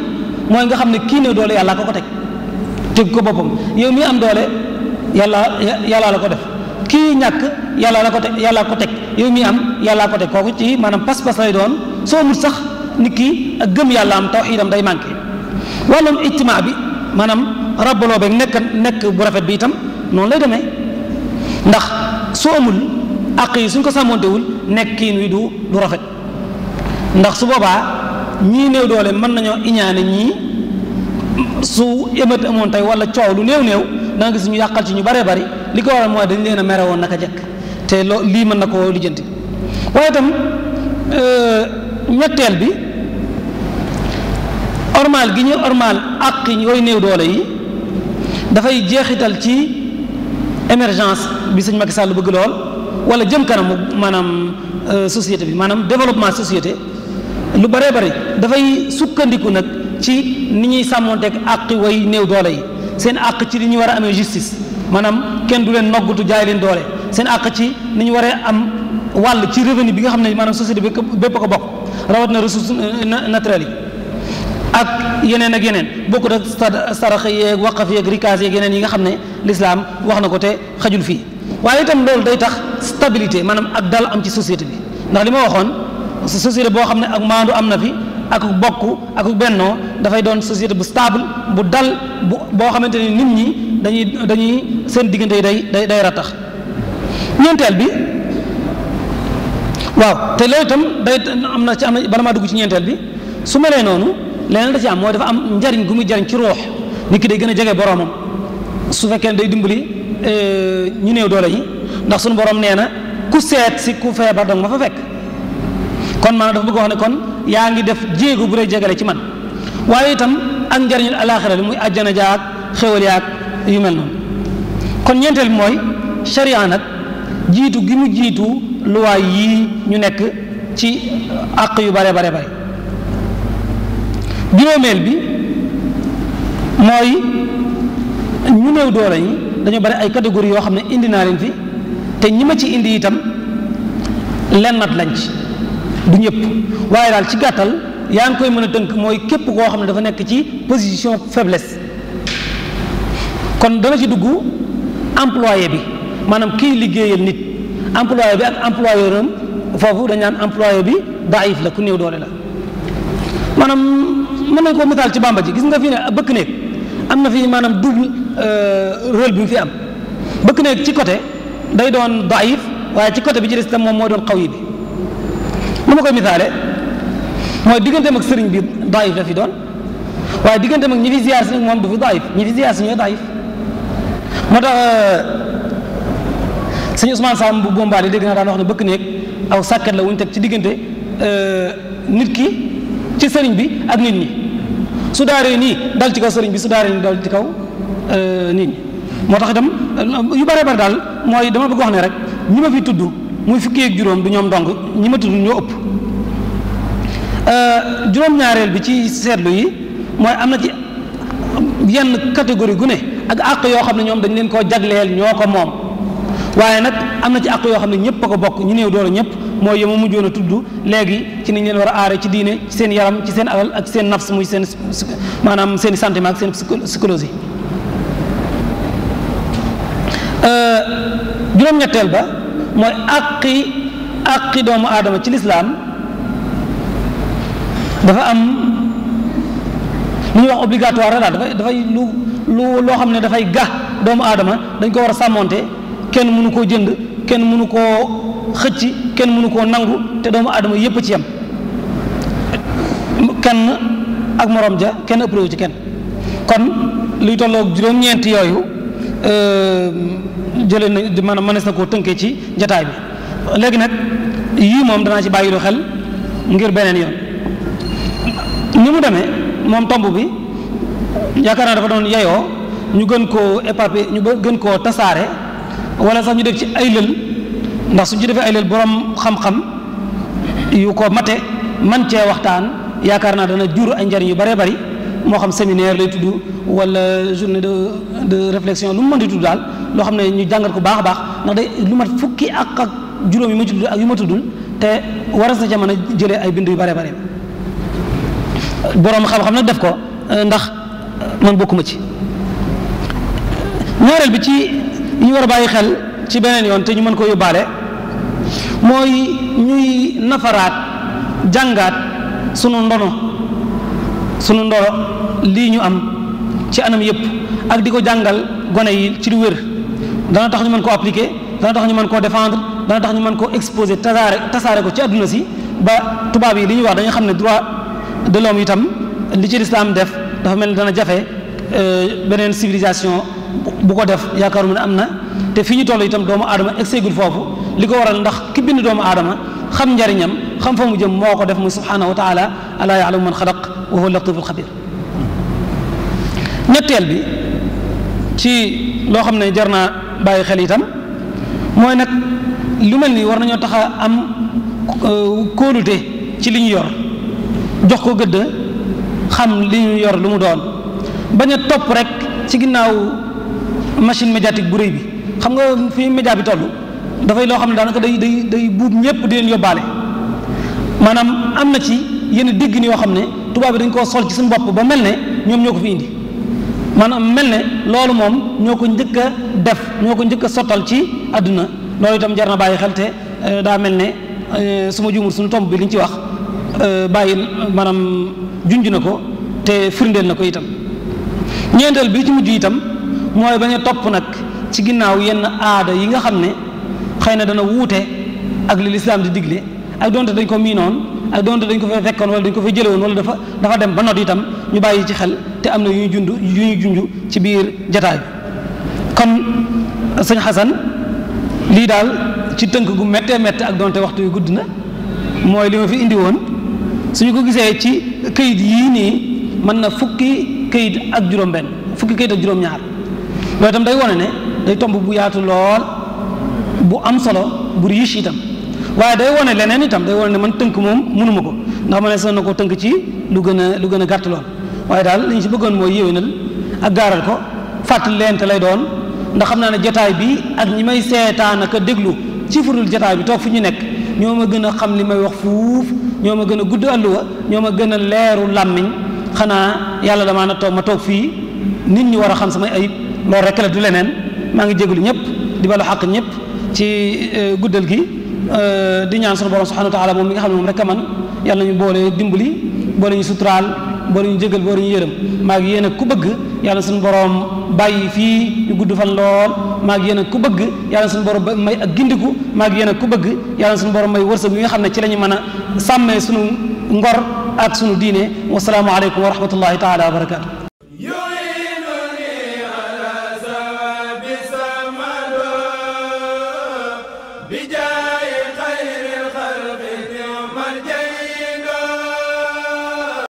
mooy nga xam ne kii ne doole yàlla ko ko teg teg ko boppam yow mi am doole yàlla yàlla la ko def kii ñàkk yàlla la ko teg yàlla ko teg yow mi am yàlla ko teg kooku ci maanaam pas-pas lay doon soo mut sax nit kii ak gëm yàlla am tawxiidam day manqué wàllum ijtimaa bi maanaam rabbaloo beeg nekk nekk bu rafet bi itam noonu lay demee ndax soo amul àq yi suñ ko sàmmoontewul nekkiin wi du du rafet ndax su boobaa ñii néew doole mën nañoo iñaane ñii su émeute amoon tey wala coow lu néew-néew da nga gis ñu yàqal ci ñu baree bari li ko waral mooy dañ leen a mere woon naka jekk te loo lii mën na koo lijjanti waaye itam euh, ñetteel bi ormal gi ñu ormal ak yooyu néew doole yi dafay jeexital ci émergence bi sëñ Macky Sall bëgg lool wala jëm kanamu maanaam euh, société bi maanaam développement société lu baree bari dafay sukkandiku nag. ci ni ñuy sàmmonteeg àq way néew doole yi seen àq ci li ñu war a amee justice maanaam kenn du leen noggutu jaay leen doole seen àq ci ni ñu waree am wàll ci revenu bi nga xam ne maanaam société bi bépp ko bokk rawat na ressource naturelle yi ak yeneen ak yeneen bokkut ak sarax yeeg waqaf yeeg rikaas yeeg yeneen yi nga xam ne lislaam wax na ko te xajul fii waaye tam loolu day tax stabilité maanaam ak dal am ci société bi ndax li ma waxoon société boo xam ne ak maandu am na fi ak bokk ak bennoo dafay doon société bu stable bu dal bu boo xamante ni nit ñi dañuy dañuy seen diggante yi day day day ratax ñeenteel bi waaw te loolu itam day am na ci am na bala maa dugg ci ñeenteel bi su melee noonu leneen da ci am mooy dafa am njariñ gu muy jariñ ci ruux nit ki day gën a jege boroomam su fekkee day dimbali euh, ñu néew doole yi ndax suñu borom nee na ku seet si ku feebar dong ma fa fekk kon maanaam dafa bëgg wax ne kon yaa ngi def jéego bu lay jegale ci man waaye itam ak njariñul alaaxira li muy àjjana jaag xéwal yaag yu mel noonu kon ñeenteel mooy sharia nag jiitu gi mu jiitu luwaay yi ñu nekk ci àq yu bare bare bare juróomeel bi mooy ñu néew doole yi dañoo bari ay catégorie yoo xam ne indi naa leen fi te ñi ma ci indi itam lennat lañ ci du ñëpp waaye daal ci gàttal yaa ngi koy mën a tënk mooy képp koo xam ne dafa nekk ci position faiblesse kon dana ci duggu employé bi maanaam kii liggéeyal nit employé bi ak employeur am foofu dañ naan employé bi daif la ku néew doole la maanaam mën nañ koo misaal ci bamba ji gis nga fi ne bëkk néeg am na fi maanaam double euh, rôle bi mu fi am bëkk néeg ci côté day doon daif waaye ci côté bi ci des tam moom mooy doon xaw yi bi lu ma koy misaale mooy digganteem ak sëriñ bi daayif la fi doon waaye digganteem ak ñi fi ziar si moom du fi daayif ñi fi ziar si ñooy daayif moo tax euh, sëñ Ousmane Sam bu Bombardier dégg naa daan wax ne bëkk néeg aw sàkket la wuñ teg ci diggante euh, nit ki ci sëriñ bi ak nit ñi su daaree nii dal ci kaw sëriñ bi su daaree nii dal ci kaw euh, nit ñi moo tax itam yu bare bare daal mooy dama bëgg wax ne rek ñi ma fi tudd muy fukki ak juróom du ñoom dong ñi ma tudd ñoo ëpp euh, juróom-ñaareel bi ci seetlu yi mooy am na ci yenn catégorie gu ne ak àq yoo xam ne ñoom dañ leen koo jagleel ñoo ko moom waaye nag am na ci àq yoo xam ne ñëpp a bokk ñu néew doole ñëpp mooy yema mujjoon a tudd léegi ci niñ leen war a aare ci diine ci seen yaram ci seen alal ak seen nafs muy seen maanaam seen sentiment ak seen psychologie euh, juróom-ñetteel ba mooy àqi àqi doomu aadama ci lislaam dafa am mu ñuy wax obligatoire daal dafay dafay lu loo xam ne dafay ga doomu aadama dañ ko war a sàmmoonte kenn mënu koo jënd kenn mënu koo xëcc kenn mënu koo nangu te doomu aadama yépp ci yem kenn ak morom ja kenn ëppréwu ci kenn kon luy tolloog juróom-ñeent yooyu Euh, jële jëlee di maanaam mënees na koo tënkee ci jataay bi léegi nag yii moom danaa ci bàyyi lu xel ngir beneen yoon ni mu demee moom tomb bi yaakaar naa dafa doon yeyoo ñu gën koo épaper ñu gën koo tasaare wala sax ñu def ci ay lël ndax suñ ci defee ay lël borom xam-xam yu ko mate man cee waxtaan yaakaar naa dana jur ay njariñ yu bare bari moo xam séminaire lay tudd wala journée de de réflexion lu mu mën di tudd daal loo xam ne ñu jàngat ko baax baax ndax day lu mat fukki ak ak juróom yu ma tudd ak yu ma tuddul te war na ca mën a jëlee ay bind yu bare bare borom xam-xam nag def ko euh, ndax euh, man bokkuma ci ñaareel bi ci ñu war a bàyyi xel ci beneen yoon te ñu mën ko yóbbaale mooy ñuy nafaraat jàngaat sunu ndono sunu ndoro lii ñu am ci anam yëpp ak di ko jàngal gone yi ci lu wér dana tax ñu man koo appliquer dana tax ñu mën koo défendre dana tax ñu mën koo exposé tasaare tasaare ko ci adduna si ba tubaab yi li ñuy wax dañu xam ne droit de l'homme itam li ci lislaam def dafa mel ni dana jafe euh, beneen civilisation bu ko def yaakaaruma ne am na te fi ñu toll itam doomu aadama egseegul foofu li ko waral ndax ki bind doomu aadama xam njariñam xam fa mu jëm moo ko def muy subhaanahu wa taala alaa yaalamu man xalaq wa huwa latiful xabir ñetteel bi ci loo xam ne jar naa bàyyi xel itam mooy nag lu mel ni war nañoo taxa am euh, kóolute ci li ñu yor jox ko gëdd xam li ñu yor lu mu doon bañ topp rek ci ginnaaw machine médiatique bu réy bi xam nga fi média bi toll dafay loo xam ne daanaka day day day buub ñëpp di leen yóbbaale maanaam am na ci yenn digg yoo xam ne tubaab bi dañ koo sol ci suñu bopp ba mel ne ñoom ñoo ko fi indi maanaam mel ne loolu moom ñoo ko njëkk a def ñoo ko njëkk a sottal ci àdduna loolu itam jar na bàyyi xel te euh, daa mel ne euh, su ma juumul suñu tomb bi liñ ci wax euh, bàyyi maanaam junj na ko te firndeel na ko itam ñeenteel bi ci mujj itam mooy bañ a topp nag ci ginnaaw yenn aada yi nga xam ne xëy na dana wuute ak li lislaam di digle ak donte dañ ko miinoon ak donte dañ ko fa fekkoon wala dañ ko fa jële woon wala dafa dafa dem ba not itam ñu bàyyi ci xel te am na yu ñu jund yu ñu junj ci biir jataay bi kon sëñ Xasan lii daal ci tënk gu méttee métte ak donte waxtu yu gudd na mooy li ma fi indi woon suñu ko gisee ci këyit yii nii mën na fukki këyit ak juróom-benn fukki këyit ak juróom-ñaar loolu itam day wane ne day tomb bu yaatu lool bu am solo bu riche itam waaye day wane leneen itam day wane ne man tënk moom mënuma ko ndax ma ne sax na koo tënk ci lu gën a lu gën a gàtt lool waaye daal li si bëggoon mooy yéwénal ak gaaral ko fàttali leente lay doon ndax xam naa ne jataay bi ak ñi may seetaan ak déglu ci furul jataay bi toog fi ñu nekk ñoo ma gën a xam li may wax fuuf ñoo ma gën a gudd alluwa ñoo ma gën a leeru làmmiñ xanaa yàlla damaa na toog ma toog fii nit ñi war a xam samay ayib loolu rek la du leneen maa ngi jégalu ñëpp di balu xàq ñëpp ci eh, guddal gi Euh, di ñaan sunu borom subhanahu wa moom mi nga xam ne moom rek a man yàlla ñu boole dimbali boole ñu suturaal boole ñu jégal boole ñu yërëm maa ngi yéen ku bëgg yàlla sunu borom bàyyi fii gudd fan lool maa ku bëgg yàlla sunu borom may ak gindiku maa ngi yéen ku bëgg yàlla sunu borom may wërsëg yi nga xam ne ci la ñu mën a sàmmee sunu ngor ak sunu diine wasalaamualeykum wa rahmatullahi taala wa barakaatu.